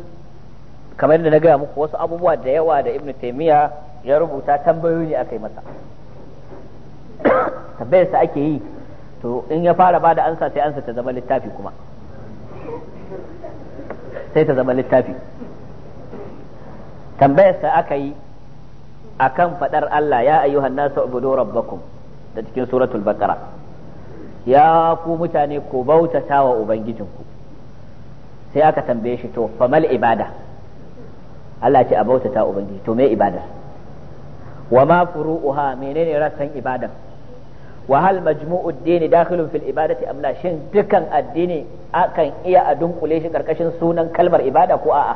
kamar da na gaya muku wasu abubuwa da yawa da ibnu taymiya ya rubuta tambayoyi aka yi masa [coughs] tambayar sa ake yi to in ya fara bada ansa sai ansa ta zama littafi kuma sai ta zama littafi tambayar sa aka yi akan fadar Allah ya ayyuhan nasu ubudu rabbakum da cikin suratul baqara ya ku mutane ku bautata wa ubangijinku sai aka tambaye shi to famal ibada Allah ce a bautata ubangiji to me ibada wa ma furu'uha menene rassan ibadan wa hal majmu'ud dini dakhilun fil ibadati am la shin dukan addini akan iya a dunkule shi karkashin sunan kalmar ibada ko a'a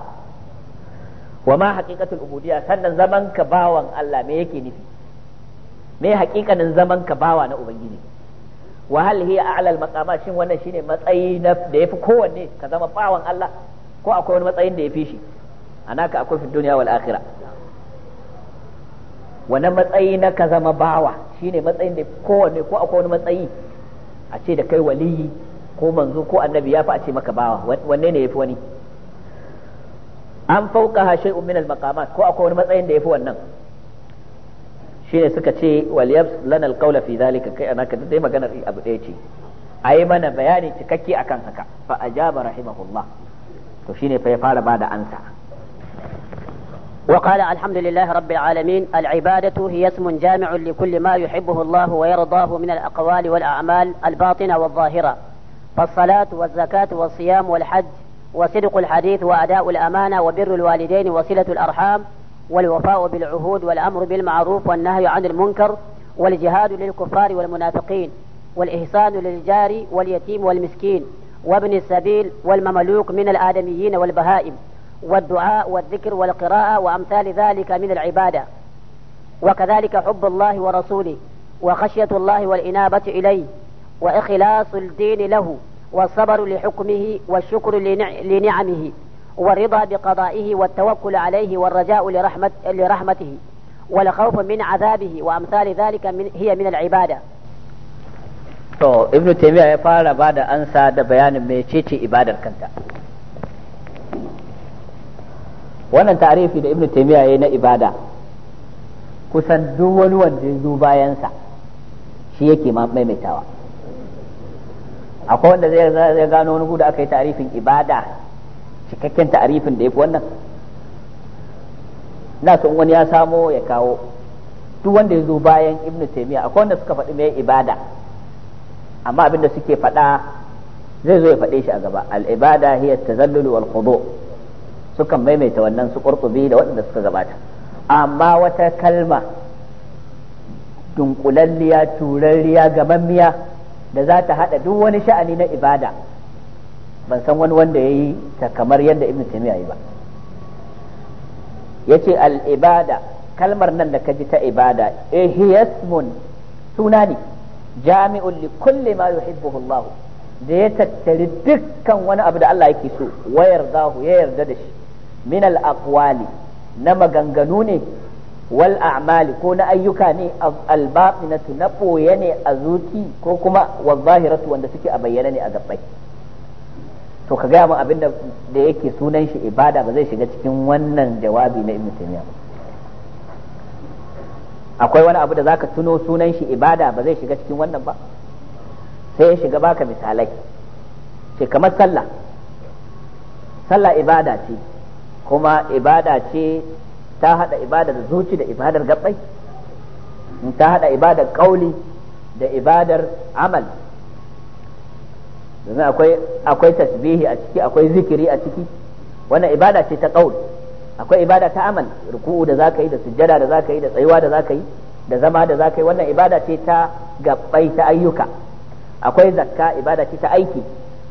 wa ma haqiqatul ubudiyya sannan zaman ka bawan Allah me yake nufi me hakikanin zaman ka bawa na ubangiji wa hal hiya a'lal maqama shin wannan shine matsayi da yafi kowanne ka zama bawan Allah ko akwai wani matsayin da yafi shi anaka akwai fi duniya wal akhira? wani matsayi na ka zama bawa shine matsayin da kowanne ko akwai wani matsayi a ce da kai waliyi ko manzo ko annabi ya fi a ce maka bawa wanne ne yafi wani an fauka shay'un min al maqamat ko akwai wani matsayin da yafi wannan shine suka ce wal yabs lana al qawla fi dhalika kai anaka dai magana abu ɗaya ce ayi mana bayani cikakke akan haka fa ajaba rahimahullah to shine fa ya fara bada ansa وقال الحمد لله رب العالمين العبادة هي اسم جامع لكل ما يحبه الله ويرضاه من الأقوال والأعمال الباطنة والظاهرة فالصلاة والزكاة والصيام والحج وصدق الحديث وأداء الأمانة وبر الوالدين وصلة الأرحام والوفاء بالعهود والأمر بالمعروف والنهي عن المنكر والجهاد للكفار والمنافقين والإحسان للجار واليتيم والمسكين وابن السبيل والمملوك من الآدميين والبهائم والدعاء والذكر والقراءة وأمثال ذلك من العبادة وكذلك حب الله ورسوله وخشية الله والإنابة إليه وإخلاص الدين له والصبر لحكمه والشكر لنعمه والرضا بقضائه والتوكل عليه والرجاء لرحمة لرحمته والخوف من عذابه وأمثال ذلك من هي من العبادة to ibn taymiya ya fara ba da ansa da bayanin mecece ibadar kanta wannan tarifi da ibn taymiya ya na ibada kusan duk wani wanda ya zo bayansa akwai wanda zai gano wani da aka yi tarifin ibada cikakken ta'arifin da ya fi wannan na san wani ya samo ya kawo duk wanda ya zo bayan ibnu taimiya akwai wanda suka faɗi mai ibada amma abinda suke faɗa zai zo ya faɗe shi a gaba alibada ibada hiya tazallul wal khudu sukan maimaita wannan su qurtubi da waɗanda suka gabata amma wata kalma dunkulalliya turarriya gamammiya da za ta haɗa duk wani sha'ani na ibada ban san wani wanda ya yi ta kamar yadda ibn taimiyya yi ba yace al ibada kalmar nan da ka ji ta ibada eh, ihyasmun suna ne jami'un li kulli ma yuhibbuhu da ya tattari dukkan wani abu da Allah yake so wayar zahu ya yarda da shi min al aqwali na maganganu ne wal a'mali ko na ayyuka ne al batinatu na boye ne a zuci ko kuma wal zahiratu wanda suke a bayyana ne a gabbai to ka gaya min abin da yake sunan shi ibada ba zai shiga cikin wannan jawabi na ibn taymiya akwai wani abu da zaka tuno sunan shi ibada ba zai shiga cikin wannan ba sai ya shiga baka misalai ce kamar sallah sallah ibada ce kuma ibada ce ta hada ibadar zuci da ibadar gabbai ta hada ibadar kauli da ibadar amal domin akwai tasbihi a ciki akwai zikiri a ciki wannan ibada ce ta qaul akwai ibada ta amal ruku'u da zaka yi da sujjada da zaka yi da tsayuwa da zaka yi da zama da zaka yi wannan ibada ce ta gabbai ta ayyuka akwai zakka ibada ce ta aiki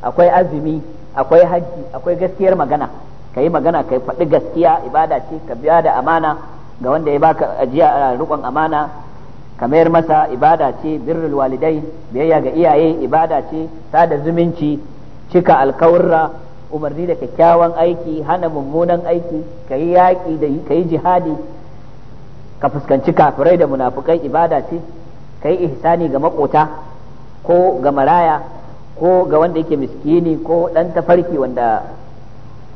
akwai azumi akwai hajji akwai gaskiyar magana kayi magana kai faɗi gaskiya ibada ce ka biya da amana ga wanda ya baka ajiya a riƙon amana kamar masa ibada ce birrul walidai biyayya ga iyaye ibada ce sada zumunci cika alkawurra umarni da kyakkyawan aiki hana mummunan aiki ka yi yaƙi da ka jihadi ka fuskanci kafirai da munafukai ibada ce ka yi ihsani ga makota ko ga maraya ko ga wanda yake miskini ko ɗan tafarki wanda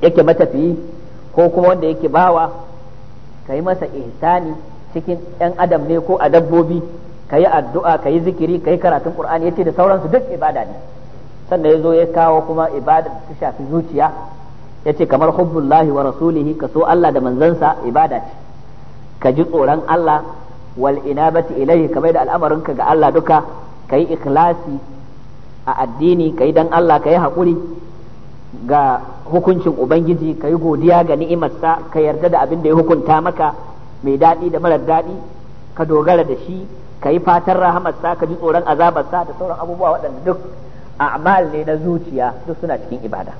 yake matafiyi ko kuma wanda yake bawa ka yi masa ihsani cikin yan adam ne ko a dabbobi ka yi addu'a ka yi zikiri ka yi karatun ya ce da sauransu duk ibada ne sannan ya zo ya kawo kuma ibada ta shafi zuciya ya ce kamar hubbullahi wa rasulihi ka so Allah da manzansa ibada ce ka ji tsoron Allah wal inabati ilayhi kamar da al'amarinka ga Allah duka ka yi ikhlasi a addini ka yi dan Allah ka yi haƙuri ga hukuncin ubangiji ka yi godiya ga ni'imarsa ka yarda da abin da ya hukunta maka mai daɗi da marar daɗi ka dogara da shi ka yi fatan rahamarsa ka ji tsoron azabarsa da sauran abubuwa waɗanda duk a'mal ne na zuciya duk suna cikin ibada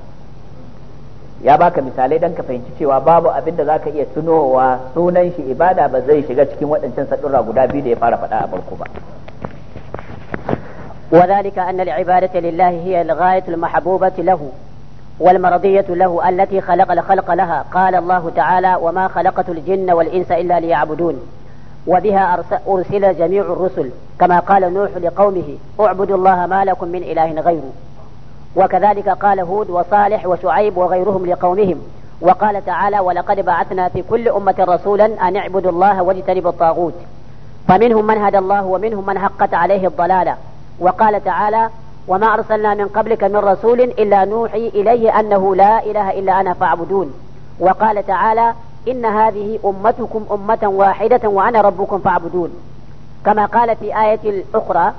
ya baka misalai don ka fahimci cewa babu abin da za ka iya tunowa sunan shi ibada ba zai shiga cikin waɗancan saɗurra guda biyu da ya fara faɗa a farko ba وذلك أن العبادة لله هي الغاية المحبوبة له والمرضية له التي خلق الخلق لها قال الله تعالى وما خلقت الجن والإنس إلا ليعبدون وبها أرسل جميع الرسل كما قال نوح لقومه اعبدوا الله ما لكم من إله غيره وكذلك قال هود وصالح وشعيب وغيرهم لقومهم وقال تعالى ولقد بعثنا في كل أمة رسولا أن اعبدوا الله واجتنبوا الطاغوت فمنهم من هدى الله ومنهم من حقت عليه الضلالة وقال تعالى وما أرسلنا من قبلك من رسول إلا نوحي إليه أنه لا إله إلا أنا فاعبدون وقال تعالى إن هذه أمتكم أمة واحدة وأنا ربكم فاعبدون كما قال في آية أخرى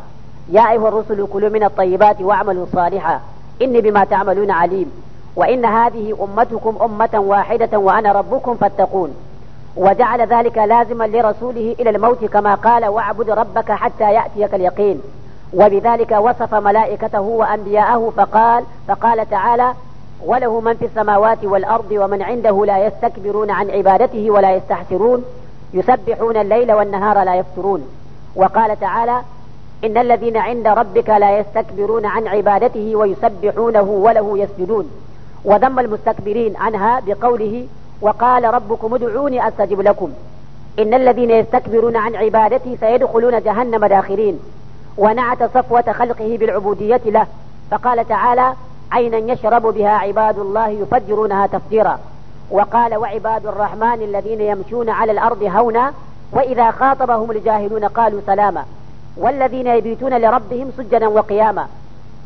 يا أيها الرسل كلوا من الطيبات واعملوا صالحا إني بما تعملون عليم وإن هذه أمتكم أمة واحدة وأنا ربكم فاتقون وجعل ذلك لازما لرسوله إلى الموت كما قال واعبد ربك حتى يأتيك اليقين وبذلك وصف ملائكته وأنبياءه فقال فقال تعالى وله من في السماوات والأرض ومن عنده لا يستكبرون عن عبادته ولا يستحسرون يسبحون الليل والنهار لا يفترون وقال تعالى إن الذين عند ربك لا يستكبرون عن عبادته ويسبحونه وله يسجدون وذم المستكبرين عنها بقوله وقال ربكم ادعوني أستجب لكم إن الذين يستكبرون عن عبادتي سيدخلون جهنم داخرين ونعت صفوة خلقه بالعبودية له فقال تعالى عينا يشرب بها عباد الله يفجرونها تفجيرا وقال وعباد الرحمن الذين يمشون على الأرض هونا وإذا خاطبهم الجاهلون قالوا سلاما والذين يبيتون لربهم سجدا وقياما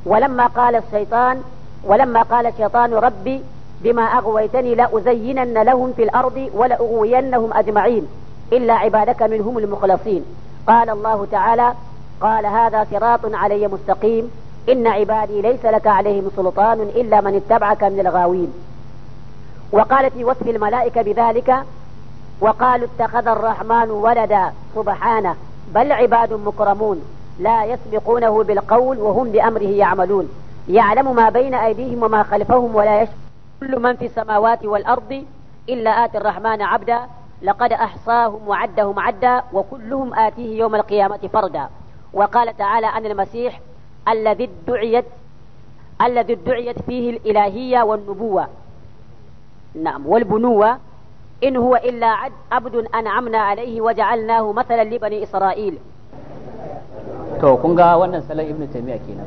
ولما قال الشيطان ولما قال الشيطان ربي بما أغويتني لأزينن لهم في الأرض ولأغوينهم أجمعين إلا عبادك منهم المخلصين قال الله تعالى قال هذا صراط علي مستقيم إن عبادي ليس لك عليهم سلطان إلا من اتبعك من الغاوين وقال في وصف الملائكة بذلك وقالوا اتخذ الرحمن ولدا سبحانه بل عباد مكرمون لا يسبقونه بالقول وهم بأمره يعملون يعلم ما بين أيديهم وما خلفهم ولا يشعر كل من في السماوات والأرض إلا آتي الرحمن عبدا لقد أحصاهم وعدهم عدا وكلهم آتيه يوم القيامة فردا وقال تعالى عن المسيح الذي ادعيت الذي ادعيت فيه الإلهية والنبوة نعم والبنوة إن هو إلا عبد أنعمنا عليه وجعلناه مثلا لبني إسرائيل to kun ga wannan salon ibnu taymiya kenan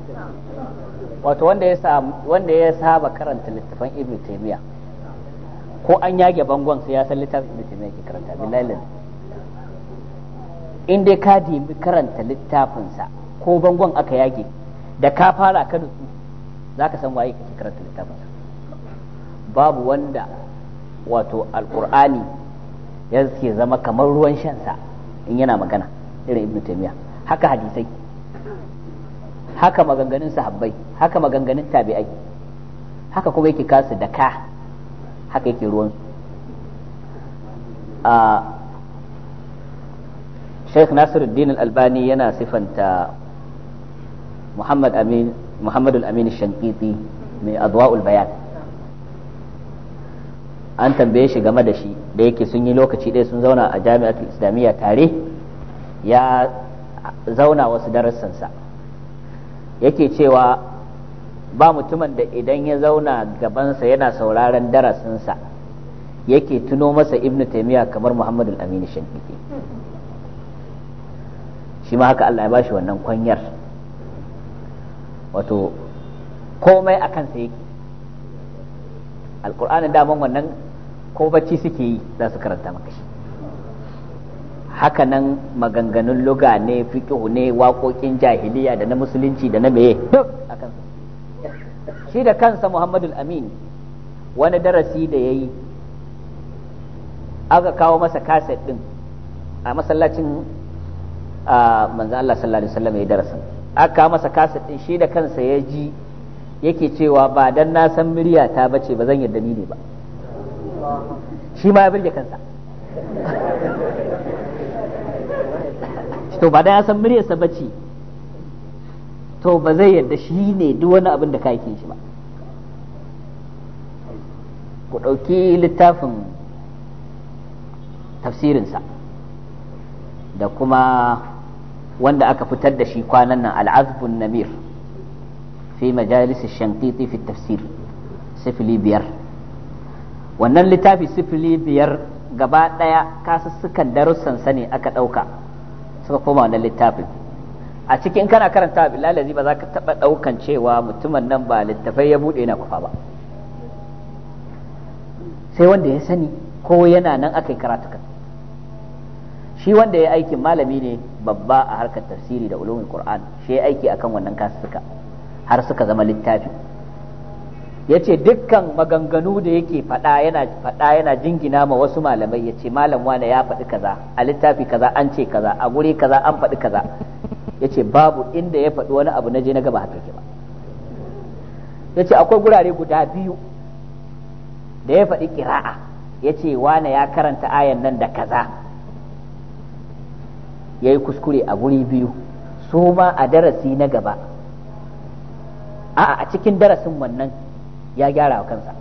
wato wanda ya wanda ya saba karanta littafan ibn taymiya ko an yage bangon sai ya san littafin ibn taymiya ke karanta billahi in dai ka dimi karanta littafinsa ko bangon aka yage da ka fara ka nutsu za ka san waye kake karanta littafinsa babu wanda wato alkur'ani ya ke zama kamar ruwan shansa in yana magana irin ibnu taymiya haka hadisai haka maganganun sahabbai haka maganganun tabi'ai haka kuma yake kasu da ka haka yake ruwansu ah, Sheikh Nasiruddin Al-Albani yana sifanta Muhammad Amin Muhammad amin Shankiti mai Adwa'ul Bayan an tambaye shi game da shi da yake sun yi lokaci ɗaya sun zauna a jami'atul islamiyya tare ya zauna wasu darussansa yake cewa ba mutumin da idan ya zauna gabansa yana sauraron darasinsa yake tuno masa ibnu taimiyya kamar muhammadu amin shankiti shi ma haka Allah ya bashi wannan kwanyar wato komai a kansa yake alkur'anin daman wannan ko bacci suke yi za su karanta maka shi hakanan maganganun luga ne fiqhu ne waƙoƙin jahiliya da na musulunci da na meye duk kansa shi da kansa Muhammadu amin wani darasi da ya yi aka kawo masa kaset din a masallacin a manzo Allah sallallahu alaihi wasallam ya darasin aka masa kaset din shi da kansa ya ji yake cewa ba dan na san murya ta bace ba zan yarda ni ne ba shi ma ya birge kansa to ba dan ya san muryarsa bace to ba zai yarda shi ne duk wani abin da ka shi ba ku ɗauki littafin tafsirinsa da kuma wanda aka fitar da shi kwanan nan al'azbun namir fi majalis shankiti fi tafsir sifili biyar wannan littafi sifili biyar gaba ɗaya sukan darussan sani aka ɗauka suka koma wannan littafin a cikin kana karanta bilalazi ba za ka taɓa ɗaukan cewa mutumin nan ba littafai ya buɗe na kufa ba sai wanda ya sani ko yana nan aka yi karatu shi wanda ya aikin malami ne babba a harkar tafsiri da ulumul qur'an shi ya aiki akan wannan kasuka har suka zama littafi yace dukkan maganganu da yake faɗa yana fada yana jingina ma wasu malamai yace malam wane ya faɗi kaza a littafi kaza an ce kaza a guri kaza an faɗi kaza yace babu inda ya faɗi wani abu na je na gaba haka ke ba yace akwai gurare guda biyu da ya faɗi kira'a yace wane ya karanta ayan nan da kaza ya yi kuskure a guri biyu su ma a darasi na gaba a cikin darasin wannan ya gyara wa kansa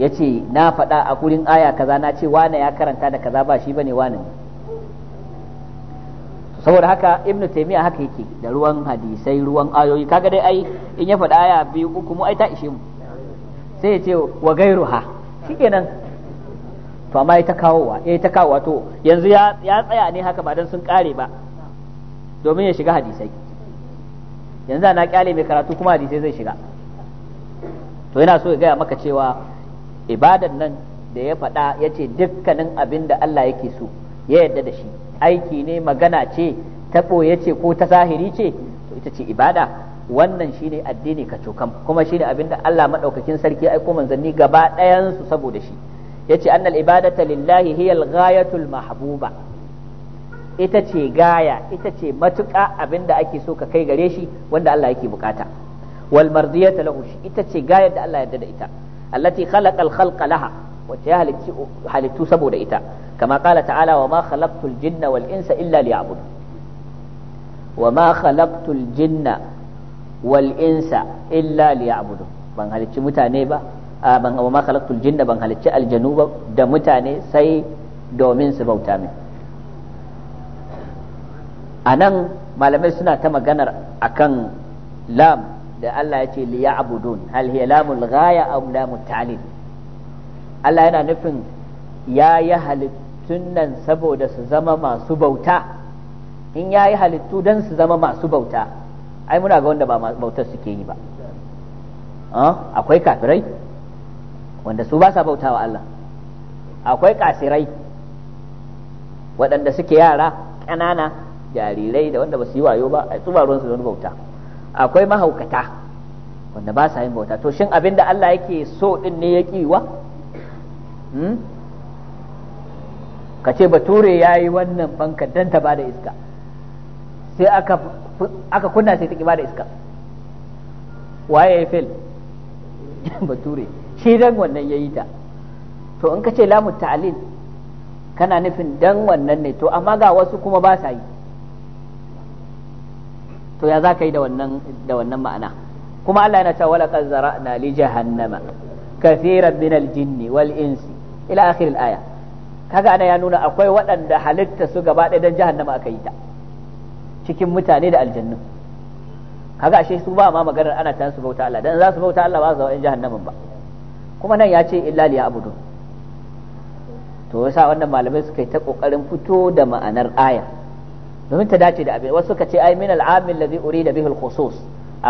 ya ce na faɗa a gurin aya kaza na ce wane ya karanta da kaza ba shi bane wane saboda haka ibnu taimiyya haka yake da ruwan hadisai ruwan ayoyi kaga dai ai in ya faɗa aya biyu uku mu ai ta ishe mu sai ya ce wa gairuha shikenan to amma ya ta kawowa ya eh, ta kawo to yanzu ya tsaya ne haka ba dan sun kare ba domin ya shiga hadisai yanzu ana kyale mai karatu kuma hadisai zai shiga to yana so ya gaya maka cewa ibadan nan da ya faɗa ya ce dukkanin abin da Allah yake so ya yarda da shi aiki ne magana ce ta ya ce ko ta zahiri ce to ita ce ibada wannan shine addini ka kuma shine abin da Allah maɗaukakin sarki aiko manzanni gaba ɗayansu saboda shi yace annal ibadata lillahi hiya al mahbuba ita ce gaya ita ce matuƙa abinda ake so ka kai gare shi wanda Allah yake bukata wal mardiyata lahu ita ce gayar da Allah yarda da ita allati khalaqa khalqa laha wace ya halicci halittu saboda ita kama qala ta'ala wa ma khalaqtul jinna wal insa illa liya'budu wa ma khalaqtul jinna wal insa illa liya'budu ban halicci mutane ba ban abu ma khalaqtul jinna ban halicci aljanu ba da mutane sai domin su bauta min anan malamai suna ta maganar akan lam da Allah ya ce liya'budun hal hiya lamul ghaya aw lamut ta'lil Allah yana nufin ya yi halittun nan saboda su zama masu bauta in ya yi halittu don su zama masu bauta ai muna ga wanda ba bautar suke yi ba ah, akwai kafirai wanda su ba sa wa Allah akwai kasirai waɗanda suke yara ƙanana jarirai da wanda ba su yi wayo ba a tsuba ruwansu don bauta akwai mahaukata wanda ba sa yin bauta to shin abin da Allah yake so din ne ya kiwa hmm? ka ce bature ya yi wannan fanka don ta ba da iska sai aka kunna sai ta ki ba da iska waye ya fil [laughs] bature shi dan wannan yayi ta to in ka ce lamu ta'lil kana nufin dan wannan ne to amma ga wasu kuma ba sa yi to ya za ka yi da wannan da wannan ma'ana kuma Allah yana cewa laqad zara'na li jahannama kathiran min al-jinni wal insi ila akhir al-aya kaga ana ya nuna akwai waɗanda halitta su gaba ɗaya dan jahannama aka yi ta cikin mutane da aljannu kaga ashe su ba ma maganar ana tan su bauta Allah dan za su bauta Allah ba su zama in jahannamin ba kuma nan ya ce illa liya abudu to yasa wannan malamai suka yi ta kokarin fito da ma'anar aya domin ta dace da abin wasu suka ce ai min al'amil ladhi urida bihi al-khusus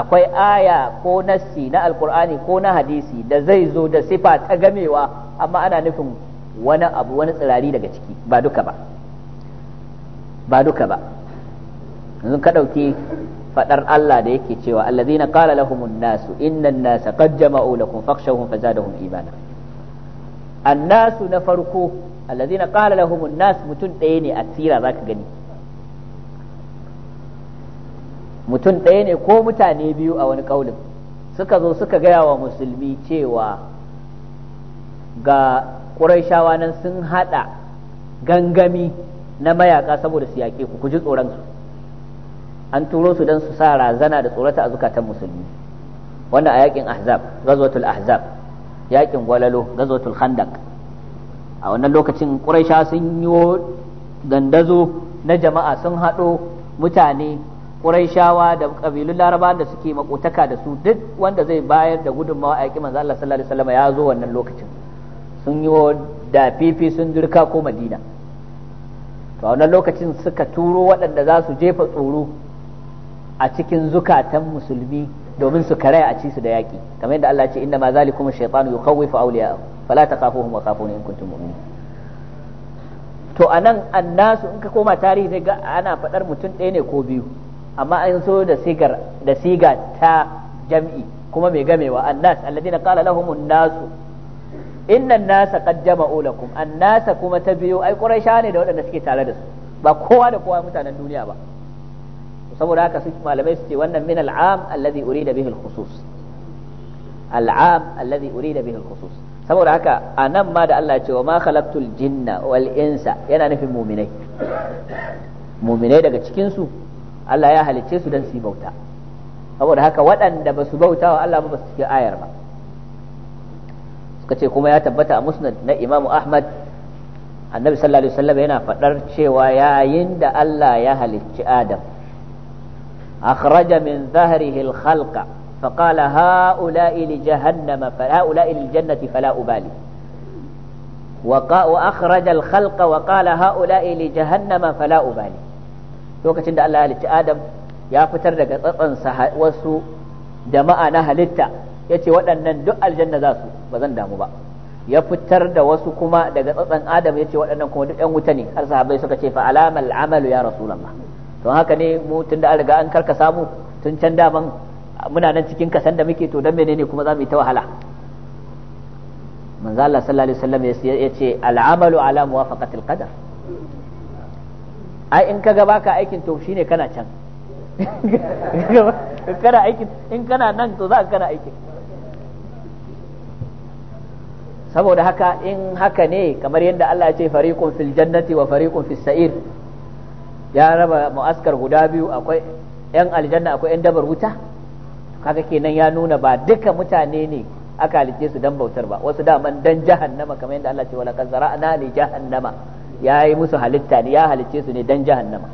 akwai aya ko nassi na alqur'ani ko na hadisi da zai zo da sifa ta gamewa amma ana nufin wani abu wani tsirari daga ciki ba duka ba ba duka ba yanzu ka dauke Faɗar Allah da yake cewa allazina qala lahumun nasu innan nasa qad jama'u lakum fakhshawhum fazadahum imana annasu na farko allazina qala lahumun nas mutun ɗaya ne a tsira zaka gani mutun ɗaya ne ko mutane biyu a wani kaulin suka zo suka gaya wa musulmi cewa ga Qurayshawa nan sun hada gangami na mayaka saboda su yaƙe ku ku ji tsoron su an turo su don su sa razana da tsorata a zukatan musulmi wannan a yakin ahzab gazwatul ahzab yakin gwalalo gazwatul khandaq a wannan lokacin quraisha sun yi dandazo na jama'a sun haɗo mutane quraishawa da kabilun laraba da suke makotaka da su duk wanda zai bayar da gudunmawa a yakin manzo Allah sallallahu alaihi wasallam ya zo wannan lokacin sun yi da fifi sun dirka ko madina to a wannan lokacin suka turo waɗanda za su jefa tsoro a cikin zukatan musulmi domin su karaya a ci su da yaki kamar yadda Allah ya ce inna ma zalikum shaytanu yukhawwifu awliya'ahu fala takhafuhum wa khafuni in kuntum mu'minin to anan annasu in ka koma tarihi sai ga ana fadar mutum ɗaya ne ko biyu amma an so da sigar da siga ta jam'i kuma mai gamewa annas alladina qala lahum annasu inna nasa qad jama'u lakum annasa kuma ta biyu ai quraisha ne da waɗanda suke tare da su ba kowa da kowa mutanen duniya ba saboda haka su malamai su ce wannan min al'am alladhi urida bihi al-khusus al'am alladhi urida bihi al-khusus saboda haka anan ma da Allah ya ce wa ma khalaqtul jinna wal insa yana nufin mu'minai mu'minai daga cikin su Allah ya halicce su dan su yi bauta saboda haka waɗanda ba su bauta wa Allah ba su cikin ayar ba suka ce kuma ya tabbata a musnad na Imam Ahmad annabi sallallahu alaihi wasallam yana faɗar cewa yayin da Allah ya halicci Adam أخرج من ظهره الخلق فقال هؤلاء لجهنم فهؤلاء للجنة فلا أبالي وأخرج الخلق وقال هؤلاء لجهنم فلا أبالي lokacin da Allah ya halicci Adam ya fitar daga tsatsansa wasu jama'a na halitta ya waɗannan duk aljanna za su ba zan damu ba ya fitar da wasu kuma daga tsatsan Adam ya ce waɗannan kuma duk ɗan wuta ne har sahabai suka ce fa alamal amalu ya rasulallah to haka ne mu tunda an riga an karka samu tun can daman muna nan cikin kasan da muke to dan menene kuma za mu yi ta wahala manzo Allah sallallahu alaihi wasallam ya ce al'amalu ala muwafaqati al-qadar ai in kaga baka aikin to shine kana can [laughs] kana aikin in kana nan to za ka kana aikin saboda haka in haka ne kamar yadda Allah ya ce fariqun fil jannati wa fariqun fis sa'ir ya raba mu'askar guda biyu akwai yan aljanna akwai yan dabar wuta kaga kenan ya nuna ba duka mutane ne aka halice su dan bautar ba wasu daman dan jahannama kamar yadda Allah ce wala qad zara'na li jahannama yayi musu halitta ne ya halice su ne dan jahannama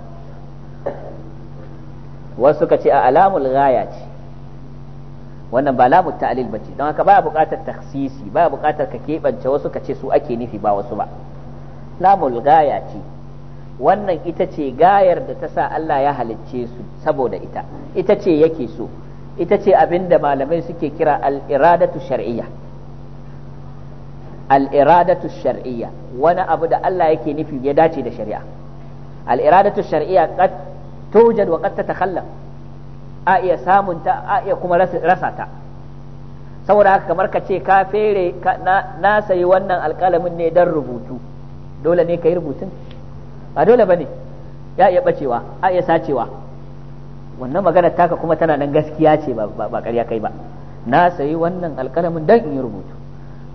wasu ka ce a alamul ghaya ce wannan ba lamu ta'lil bace don haka baya buƙatar taksisi baya buƙatar ka keɓance wasu ka ce su ake nufi ba wasu ba lamul ghaya ce wannan ita ce gayar da ta sa Allah ya halicce su saboda ita ita ce yake so ita ce abin da malamai suke kira al'iradatu shar'iyya al'iradatu shar'iyya wani abu da Allah yake nufi ya dace da shari'a al'iradatu shar'iyya qad tujad wa qad tatakhallaf a iya samun ta a iya kuma rasa ta saboda haka kamar ka ce ka fere na sayi wannan alƙalamin ne don rubutu dole ne ka yi rubutun ba dole bane ya iya bacewa a iya sacewa wannan magana taka kuma tana nan gaskiya ce ba karya kai ba na sayi wannan alkalamin dan in yi rubutu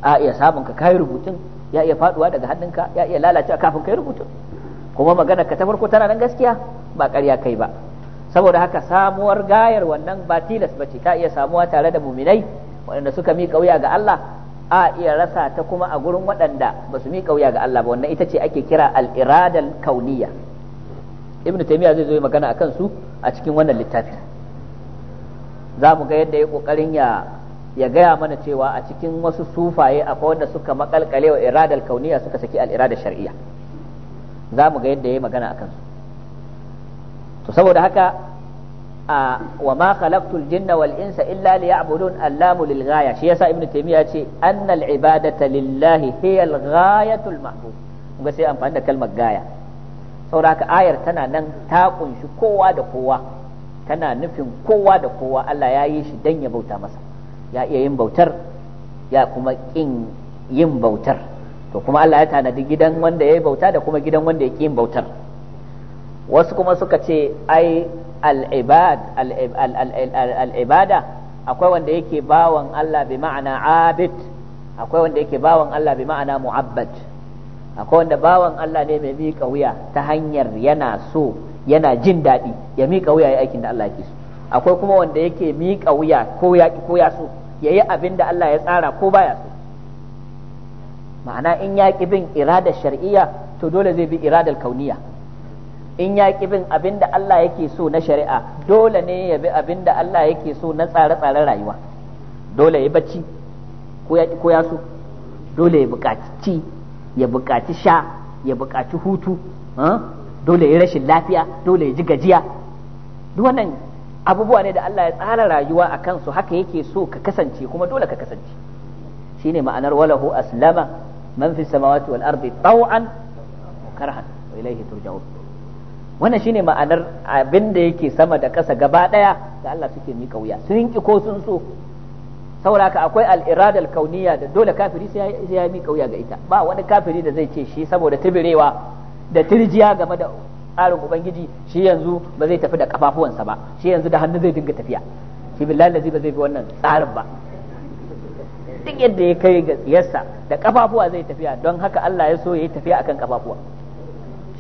a iya sabon ka kai rubutun ya iya faduwa daga hannunka ya iya lalacewa kafin kayi rubutu kuma magana ka ta farko tana nan gaskiya ba karya kai ba saboda haka samuwar gayar wannan ba tilas bace ta iya samuwa tare da muminai waɗanda suka miƙa wuya ga Allah a iya rasa ta kuma a gurin waɗanda ba su miƙa wuya ga Allah ba wannan ita ce ake kira al-iradal kauniya ibnu taymiya zai zo magana akan su a cikin wannan littafin? za mu ga yadda ya kokarin ya ya gaya mana cewa a cikin wasu sufaye akwai wanda suka makalkale wa iradal kauniya suka saki al-iradal shar'iyya za mu ga yadda ya magana akan su to saboda haka wa ma khalaqtul jinna wal insa illa liya'budun allamu lil ghaya shi yasa ibnu taymiya ce annal ibadata lillahi hiya al ghayatul mahbub ga sai amfani da kalmar gaya sauraka ayar tana nan ta kunshi kowa da kowa tana nufin kowa da kowa Allah ya yi shi dan ya bauta masa ya iya yin bautar ya kuma kin yin bautar to kuma Allah ya tanadi gidan wanda ya yi bauta da kuma gidan wanda ya ki yin bautar wasu kuma suka ce ai al'ibada akwai wanda yake bawan Allah bi ma'ana abid akwai wanda yake bawan Allah bi ma'ana mu'abbad akwai wanda bawan Allah ne mai miƙa wuya ta hanyar yana so yana jin daɗi ya miƙa wuya ya aikin da Allah ke so akwai kuma wanda yake miƙa wuya ko ya ko ya so ya yi abin da Allah ya tsara ko baya so ma'ana in ya ƙi bin iradar shar'iyya to dole zai bi iradar kauniya in ya ƙi bin abin da Allah yake so na shari'a dole ne ya bi abin da Allah yake so na tsare-tsaren rayuwa dole ya bacci ko ya so dole ya buƙaci ci ya buƙaci sha ya buƙaci hutu dole ya rashin lafiya dole ya ji gajiya duk wannan abubuwa ne da Allah ya tsara rayuwa a kansu haka yake so ka kasance kuma dole ka kasance shine ma'anar walahu aslama man fi samawati wal ardi taw'an karhan wa ilayhi turja'un wannan shine ma'anar abin da yake sama da ƙasa gaba ɗaya da Allah suke mika wuya sun ki ko sun so saboda ka akwai al kauniya da dole kafiri sai ya mika wuya ga ita ba wani kafiri da zai ce shi saboda tibirewa da tirjiya game da tsarin ubangiji shi yanzu ba zai tafi da kafafuwansa ba shi yanzu da hannu zai dinga tafiya shi billahi lazi ba zai bi wannan tsarin ba duk yadda ya kai ga tsiyarsa da kafafuwa zai tafiya don haka Allah ya so ya yi tafiya akan kafafuwa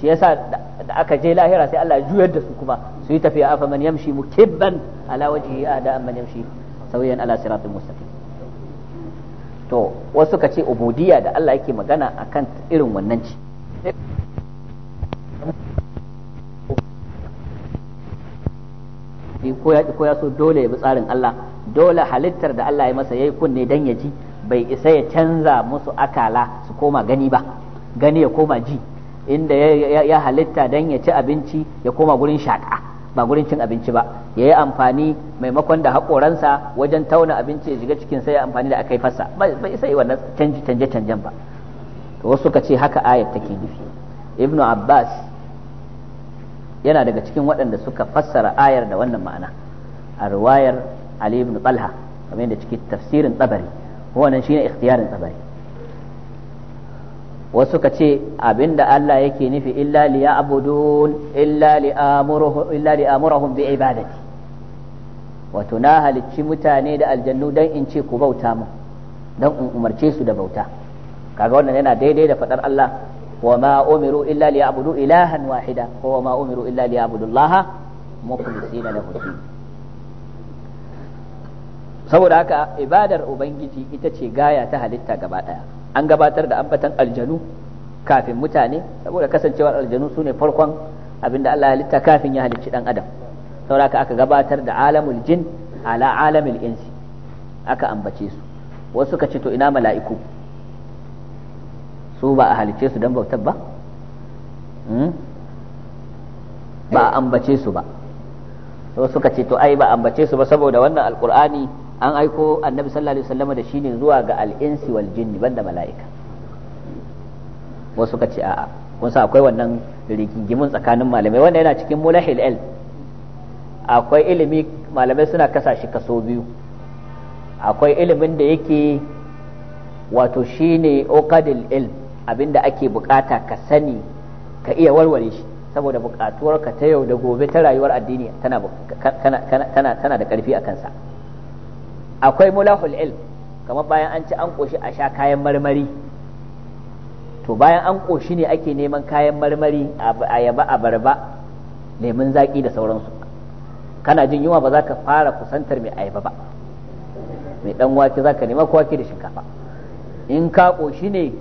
shi yasa da aka je lahira sai Allah ya juyar da su kuma su yi tafiya a faman yamshi mukibban ala wajhi ada man yamshi sawiyan ala siratul mustaqim to wasu ka ce ubudiyya da Allah yake magana akan irin wannan ci ko ya ko ya so dole ya bi tsarin Allah dole halittar da Allah ya masa yayi kunne dan ya ji bai isa ya canza musu akala su koma gani ba gani ya koma ji inda ya halitta don ya ci abinci ya koma gurin shaka ba gurin cin abinci ba ya yi amfani maimakon da haƙoransa wajen tauna abinci ya shiga cikin sai ya amfani da aka yi fasa bai yi wannan canji canje canjen ba to wasu ka ce haka ayat take nufi ibnu abbas yana daga cikin waɗanda suka fassara ayar da wannan ma'ana a riwayar ali ibn talha kamar yadda cikin tafsirin tsabari wannan shine ikhtiyarin tsabari wasu ka ce abinda Allah yake nufi illa li ya'budun illa li amuruhum illa li amuruhum bi ibadati wato na halicci mutane da aljannu dan in ce ku bauta mu dan in umarce su da bauta kaga wannan yana daidai da fadar Allah wa ma umiru illa li ya'budu ilahan wahida wa ma umiru illa li ya'budu Allah mukhlisina lahu saboda haka ibadar ubangiji ita ce gaya ta halitta gaba daya an gabatar da ambatan aljanu kafin mutane saboda kasancewar aljanu su ne farkon abinda Allah ya halitta kafin ya halicci dan adam sauraka aka gabatar da alamul jin ala alamil insi aka ambace su wasu suka ce to ina mala'iku su ba a halicce su dan bautar ba hmm? ba a ambace su ba wasu suka ce to ai ba ambace su ba saboda wannan alkur'ani an aiko annabi sallallahu alaihi wasallam da shi zuwa ga al'insi wal jinni banda mala'ika wasu kace a'a kun san akwai wannan rigingimin tsakanin malamai wanda yana cikin mulahil al akwai ilimi malamai suna kasa shi kaso biyu akwai ilimin da yake wato shine uqadil al abinda ake bukata ka sani ka iya warware shi saboda bukatuwar ka ta yau da gobe ta rayuwar addini tana tana tana da karfi a kansa akwai mulahul ilm kamar bayan an ci an koshi a sha kayan marmari to bayan an koshi ne ake neman kayan marmari ayaba abarba lemun zaki da sauransu kana jin yunwa ba za ka fara kusantar mai ayaba ba mai dan wake za ka nema kwaki da shinkafa in ka koshi ne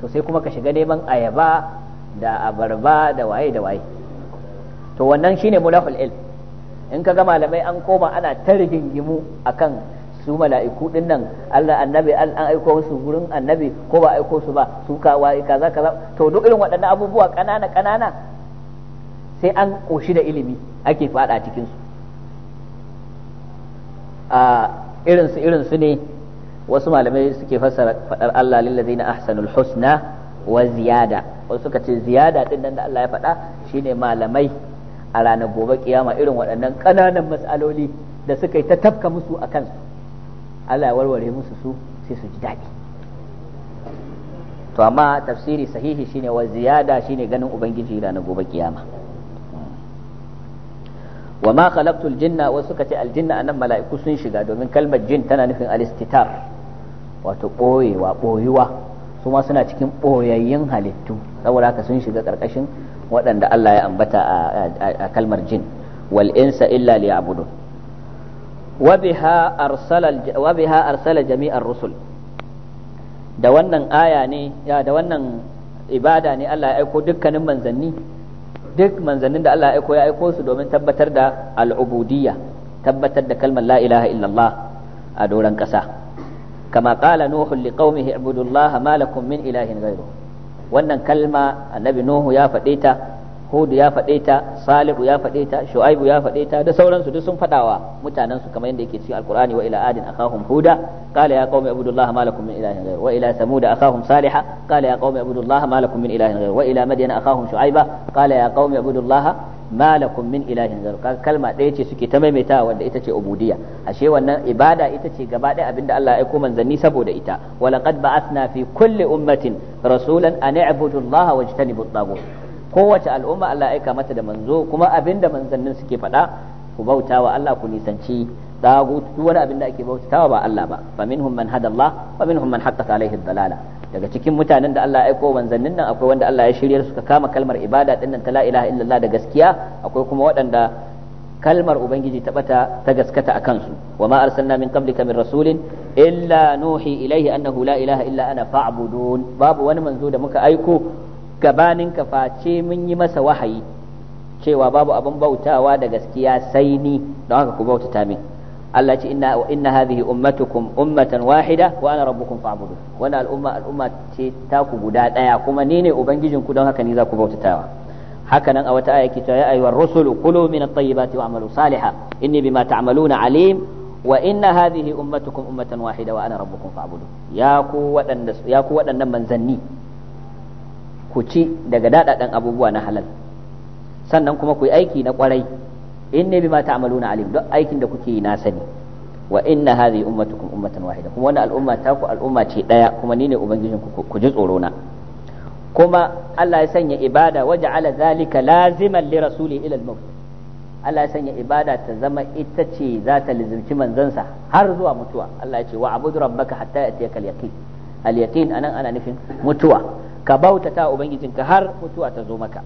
to sai kuma ka shiga neman ayaba da abarba da waye da waye to wannan shine mulahul ilm in ka ga malamai an koma ana ta rigingimu akan su mala'iku din nan Allah annabi an aiko su gurin annabi ko ba aiko su ba su kawa kaza kaza to duk irin waɗannan abubuwa ƙanana ƙanana sai an koshi da ilimi ake fada cikin su a irin su irin su ne wasu malamai suke fassara fadar Allah lillazina ahsanul husna wa ziyada wasu suka ce ziyada din nan da Allah ya faɗa shine malamai a ranar gobe kiyama irin waɗannan kananan matsaloli da suka yi ta tafka musu a kansu Allah ya warware musu su sai su ji daɗi to amma tafsiri sahihi shine wa ziyada shine ganin ubangiji ranar gobe kiyama wa ma khalaqtul jinna wa suka ce aljinna anan mala'iku sun shiga domin kalmar jin tana nufin alistitar wato boyewa boyuwa su ma suna cikin boyayyen halittu saboda haka sun shiga karkashin waɗanda Allah ya ambata a kalmar jin wal insa illa liya'budun وبها أرسل وبها أرسل جميع الرسل da wannan aya ne ya da wannan ibada ne Allah ya aiko dukkanin manzanni duk manzannin da Allah ya aiko ya aiko su domin tabbatar da al'ubudiyya tabbatar da kalmar la ilaha illallah a doron ƙasa kama qala nuhu liqaumihi ibudullaha ma lakum min ilahin ghairu wannan kalma annabi nuhu ya faɗe ta hudu ya faɗe ta salihu ya faɗe ta shu'aibu ya faɗe ta da sauransu duk sun faɗawa mutanen su kamar yadda yake cikin alqur'ani wa ila adin akahum huda qala ya qaumi ibudullaha ma lakum min ilahin ghayr wa ila samud akahum salihah qala ya qaumi ibudullaha ma lakum min ilahin ghayr wa ila madyan akahum shu'aiba qala ya qaumi ibudullaha ma lakum min ilahin ghayr kalma ɗaya ce suke ta maimaita wanda ita ce ubudiyya ashe wannan ibada ita ce gaba ɗaya abinda Allah ya aiko manzanni saboda ita wa laqad ba'athna fi kulli ummatin rasulan an i'budu allaha wajtanibu kowace al'umma Allah aika mata da manzo kuma abinda manzannin suke faɗa ku bauta wa Allah ku nisanci dagu duk wani abin da ake bautawa ba Allah ba fa minhum man hada Allah wa minhum man haqqat alaihi dalala daga cikin mutanen da Allah ya aiko manzannin nan akwai wanda Allah ya shirya suka kama kalmar ibada din nan ta la ilaha illallah da gaskiya akwai kuma waɗanda kalmar ubangiji ta bata ta gaskata a kansu wa ma arsalna min qablika min rasulin illa nuhi ilaihi annahu la ilaha illa ana fa'budun babu wani manzo da muka aiko gabanin ka face mun yi masa wahayi cewa babu abin bautawa da gaskiya sai ni don haka ku bautata min Allah ce inna wa inna hadhihi ummatukum ummatan wahida wa ana rabbukum fa'budu wannan al'umma al'umma ce ta ku guda daya kuma ni ne ubangijinku don haka ni za ku bautatawa haka nan a wata aya ke ya ayyuhar rusulu kulu min at-tayyibati wa'malu salihan inni bima ta'maluna alim wa inna hadhihi ummatukum ummatan wahida wa ana rabbukum fa'budu ya ku waɗanda ya ku waɗannan manzanni ku ci daga dadadan abubuwa na halal sannan kuma ku yi aiki na kwarai inni bima ta'maluna alim duk aikin da kuke yi na sani wa inna hadhihi ummatukum ummatan wahida kuma wannan al'umma ta ku al'umma ce daya kuma ni ne ubangijin ku ku ji tsoro na kuma Allah ya sanya ibada waja'ala zalika laziman li rasuli ila al Allah ya sanya ibada ta zama ita ce za ta lizimci manzansa har zuwa mutuwa Allah ya ce wa abudu rabbaka hatta yatiyaka al-yaqin al-yaqin anan ana nufin mutuwa ka ta ubangijinka har mutuwa ta zo maka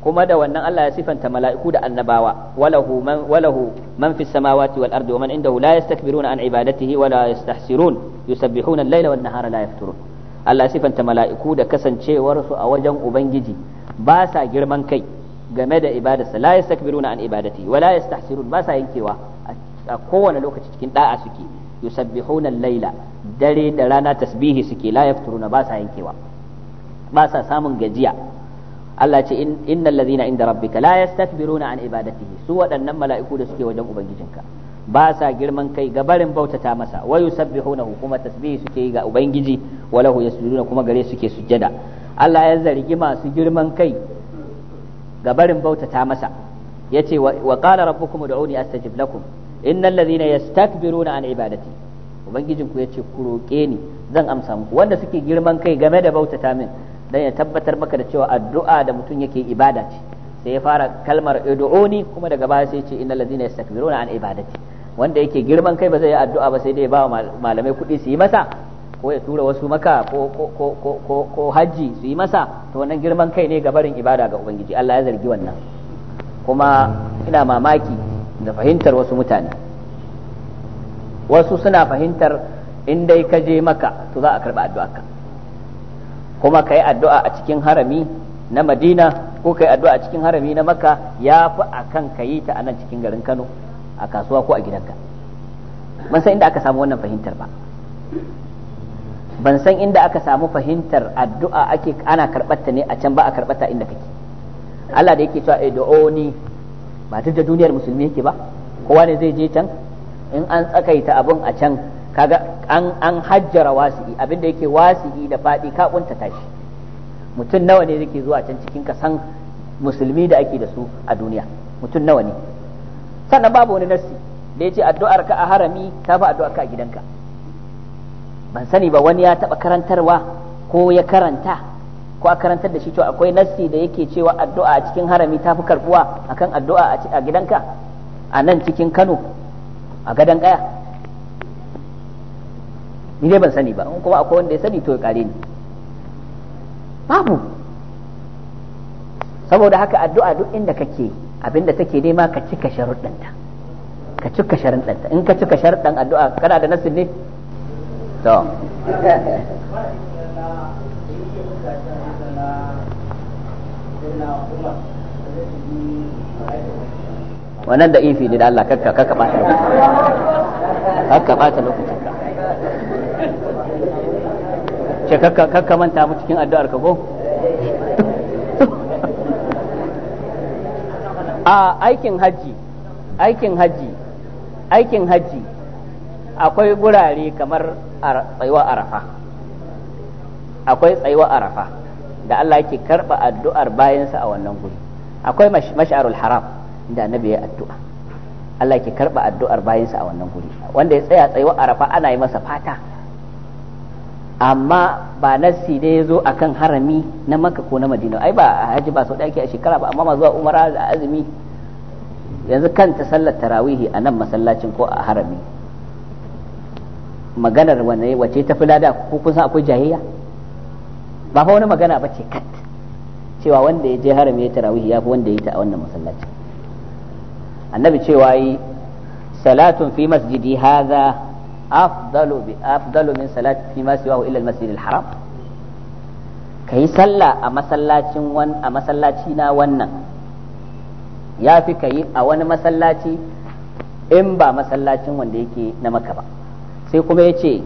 kuma da wannan Allah ya sifanta mala'iku da annabawa walahu man walahu man fis samawati wal ardi wa man indahu la yastakbiruna an ibadatihi wa la yastahsirun yusabbihuna al-laila wan nahara la yafturun Allah ya sifanta mala'iku da kasancewar su a wajen ubangiji ba sa girman kai game da ibadarsa la yastakbiruna an ibadatihi wa la yastahsirun ba sa yankewa a kowane lokaci cikin da'a suke yusabbihuna al-laila dare da rana tasbihi suke la yafturuna ba sa yankewa ba sa samun gajiya Allah ce innal ladhina inda rabbika la yastakbiruna an ibadatihi su waɗannan mala'iku da suke wajen ubangijinka ba sa girman kai ga barin bautata masa wa yusabbihunahu kuma tasbihi suke yi ga ubangiji wa lahu yasjuduna kuma gare suke sujjada Allah ya zargi masu girman kai ga barin bautata masa yace wa qala rabbukum ud'uni astajib lakum innal ladhina yastakbiruna an ibadati ubangijinku yace ku roke ni zan amsa muku wanda suke girman kai game da bautata min dan ya tabbatar maka da cewa addu'a da mutum yake ibada ce sai ya fara kalmar ud'uni kuma daga baya sai ya ce innal ladina yastakbiruna an ibadati wanda yake girman kai ba zai yi addu'a ba sai dai ya ba malamai kuɗi su yi masa ko ya tura wasu maka ko ko ko ko haji su yi masa to wannan girman kai ne ga barin ibada ga ubangiji Allah ya zargi wannan kuma ina mamaki da fahimtar wasu mutane wasu suna fahimtar in dai ka je maka to za a karba addu'arka kuma kai addu'a a cikin harami na Madina ko kai addu'a a cikin harami na Makka ya fi akan yi ta a nan cikin garin Kano a kasuwa ko a gidanka ban san inda aka samu wannan fahimtar ba ban san inda aka samu fahimtar addu'a ake ana karɓarta ne a can ba a karɓarta inda kake Allah da yake cewa ni ba duk da duniyar musulmi yake ba kowa ne zai je can in an tsakaita abun a can kaga an an hajjara wasi'i abinda yake wasi'i da faɗi ka kunta tashi mutum nawa ne yake zuwa can cikin ka san musulmi da ake da su a duniya mutum nawa ne sannan babu wani nassi da ya ce addu'ar ka a harami ta fi addu'ar ka a gidanka ban sani ba wani ya taɓa karantarwa ko ya karanta ko a karantar da shi to akwai nassi da yake cewa addu'a a cikin harami ta fi karbuwa akan addu'a a gidanka a nan cikin kano a gadon kaya. ni dai ban sani ba in kuma akwai wanda ya sani to ya kare ni babu saboda haka addu'a duk inda kake abinda take nema ka cika sharuɗanta ka cika sharuɗanta in ka cika sharuɗan addu'a kana da nasin ne to wannan da ifi ne da Allah kakka kakka ta lokaci kakka ta lokaci ce kakka manta mu cikin addu'ar ka ko a aikin hajji aikin hajji aikin hajji akwai gurare kamar tsayuwa arafa akwai tsayuwa arafa da Allah yake karba addu'ar bayansa a wannan guri akwai mash'arul haram da annabi ya addu'a Allah yake karba addu'ar bayansa a wannan guri wanda ya tsaya tsayuwa arafa ana yi masa fata amma ba nassi ne ya zo a kan harami na maka ko na madina ai ba a haji ba sau da ake a shekara ba amma ma zuwa umara da azumi yanzu kan ta sallar tarawihi a nan masallacin ko a harami maganar wanne wace ta fi lada ko kun san akwai jahiya ba fa wani magana ba ce kat cewa wanda ya je harami ya tarawihi ya fi wanda ya yi ta a wannan masallacin annabi cewa yi salatun fi masjidi haza afdalu bi afdalu min salati fi ma al-masjid al-haram kai sallah a masallacin na wannan yafi kayi a wani masallaci in ba masallacin wanda yake na maka ba sai kuma yace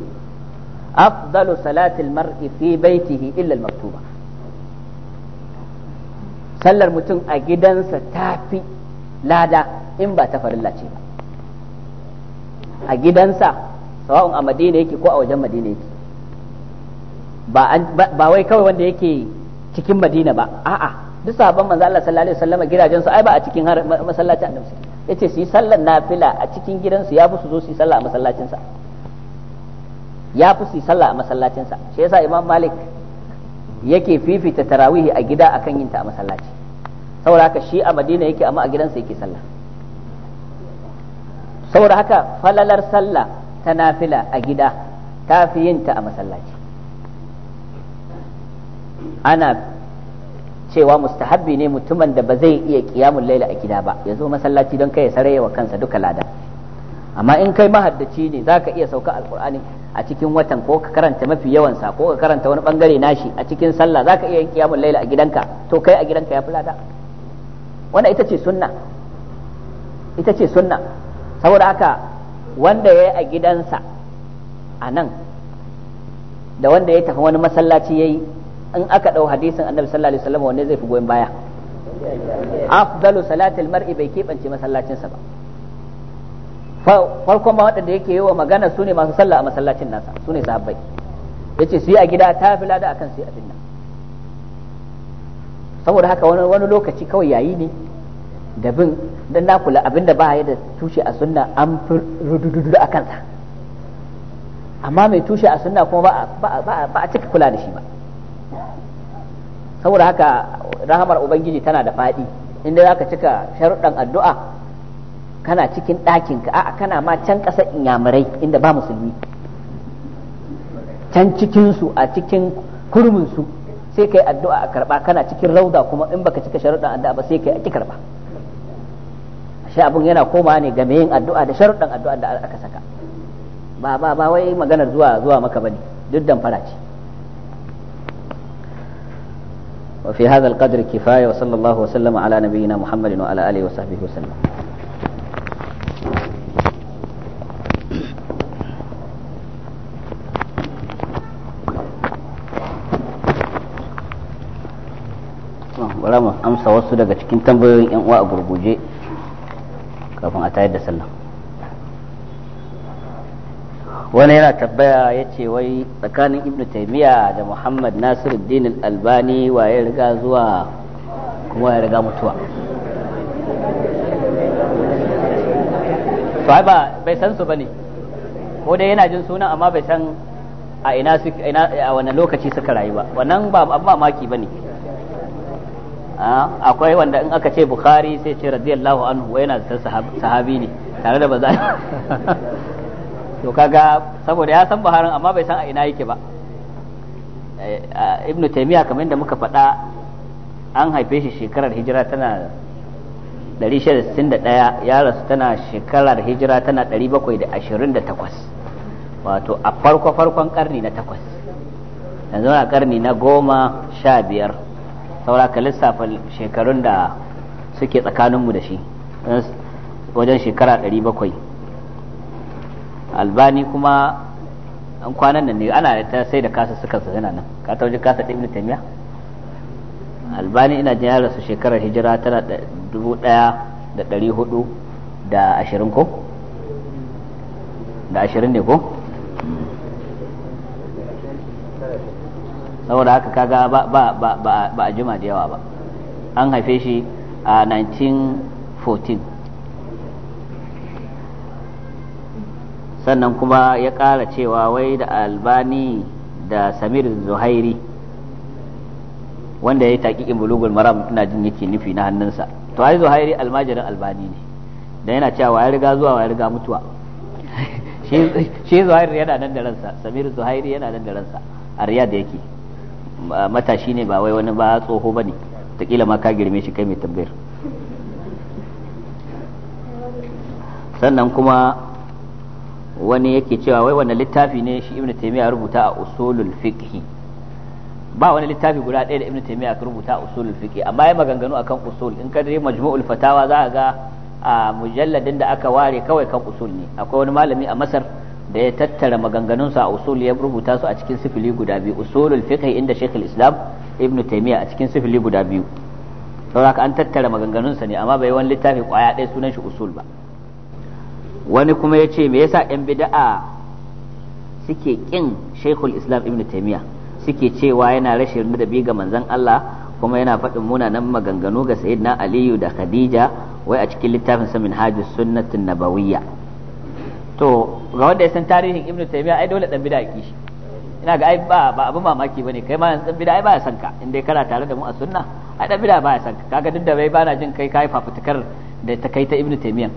afdalu salatil mar'i fi baitihi illa al-maktuba sallar mutum a gidansa ta fi lada in ba ta farilla ce ba a gidansa sawa'un a madina yake ko a wajen madina yake ba wai kawai wanda yake cikin madina ba a'a duk sabon manzo Allah sallallahu alaihi wasallam gidajen su ai ba a cikin masallacin annabi yace su yi sallar nafila a cikin su ya fi su zo su yi sallah a masallacin sa ya fi su yi sallah a masallacin sa shi yasa imam malik yake fifita tarawihi a gida akan yin ta a masallaci saboda haka shi a madina yake amma a gidansa yake sallah saboda haka falalar sallah ta nafila a gida ta fi yin ta a masallaci ana cewa mustahabbi ne mutumin da ba zai iya kiyamun laila a gida ba ya zo masallaci don kai ya wa kansa duka lada amma in kai mahaddaci ne zaka iya sauka alkur'ani a cikin watan ko ka karanta mafi yawan sa ko ka karanta wani bangare nashi a cikin sallah zaka iya yin kiyamun laila a gidanka to kai a gidanka ya fi lada wannan ita ce sunna ita ce sunna saboda haka wanda ya yi a gidansa a nan da wanda ya tafi wani masallaci ya yi in aka ɗau hadisin annabi sallallahu alaihi wasallam wanne zai fi goyon baya afdalu salatil mar'i bai keɓance masallacinsa ba farkon ba waɗanda yake yi wa magana su ne masu sallah a masallacin nasa su ne sahabbai ya ce su yi a gida ta fi lada akan su yi abin nan saboda haka wani lokaci kawai yayi ne da bin dan na kula abinda ba ya da tushe a sunna an fi rudududu a kansa amma mai tushe a sunna kuma ba a cika kula da shi ba saboda haka rahamar ubangiji tana da faɗi inda za ka cika sharuɗan addu'a kana cikin ɗakinka a'a kana ma can ƙasar inyamurai inda ba musulmi can cikinsu a cikin kurminsu sai ka yi addu'a a karɓa kana cikin rauda kuma in baka cika sharuɗan addu'a ba sai ka yi a karɓa shi abun yana koma ne game yin addu'a da sharuɗan addu'a da aka saka ba ba ba wai maganar zuwa zuwa maka bane duk damfara ce وفي هذا القدر sallallahu وصلى الله وسلم على نبينا محمد وعلى آله wa وسلم wa sallam. amsa wasu daga cikin tambayoyin 'yan uwa a gurguje kafin a tayar da sallah wani yana tabbaya ya ce wai tsakanin ibnu taimiyya da muhammad nasiruddin albani wa ya riga zuwa kuma ya riga mutuwa to ai ba bai san su bane ko dai yana jin sunan amma bai san a ina a wani lokaci suka rayu ba wannan ba abin mamaki bane Ah, akwai wanda in aka ce bukhari sai ce radiyallahu anhu yana da sahabi ne tare da baza [laughs] to kaga saboda ya san buharin amma bai san a ina yake ba eh, ah, ibnu taymiya kamar yadda muka faɗa an haife shi shekarar hijira tana 661 ya rasu tana shekarar hijira tana 728 wato a farko farkon karni na takwas yanzu na karni na goma sha biyar saura ka lissafa shekarun da suke tsakaninmu da shi wajen shekara 700 albani kuma an kwanan nan ne ana ta sai da kasa suka su nan ka ta wajen kasa ta ibnu taymiya albani ina jin yara su shekarar hijira tana 1400 da 20 ko da 20 ne ko saboda haka kaga ba ba ba ba a jima da yawa ba an haife shi a 1914 sannan kuma ya kara cewa wai da albani da samir zuhairi wanda ya yi taƙiƙin bulugul maram ina jin yake nufi na hannunsa to ai zuhairi almajirin albani ne da yana cewa ya riga zuwa ya riga mutuwa [laughs] shi zuhairi yana nan da ransa samir zuhairi yana nan da ransa a riyad yake matashi ne ba wai wani ba tsoho ba ne taƙila ma ka girme shi kai mai tambayar sannan kuma wani yake cewa wai wani littafi ne shi ibn taimiyar rubuta a usulul fiqhi ba wani littafi guda ɗaya da ibn taimiyar ka rubuta a usulul fiqhi amma ya maganganu akan usul in ka dai majmu'ul fatawa za a ga a mujalladin da aka ware kawai kan usul ne akwai wani malami a masar da ya tattara maganganunsa a usul ya rubuta su a cikin sifili guda biyu usulul fiqh inda Sheikh islam Ibn taymiya a cikin sifili guda biyu don haka an tattara maganganunsa ne amma bai wani littafi kwaya ɗaya sunan shi usul ba wani kuma ya ce me yasa yan bida'a suke kin Sheikhul Islam Ibn taymiya suke cewa yana rashin nadabi ga manzon Allah kuma yana faɗin munanan maganganu ga Sayyidina Aliyu da Khadija wai a cikin littafin sa Minhajus Sunnatin Nabawiyya to ga wanda ya san tarihin ibnu taymiya ai dole dan bid'a ki shi ina ga ai ba ba abin mamaki bane kai ma dan bid'a ai ba ya san ka in dai kana tare da mu a sunna ai dan bid'a ba ya san ka kaga duk da bai bana jin kai kai fafutukar da ta kai ta ibnu taymiya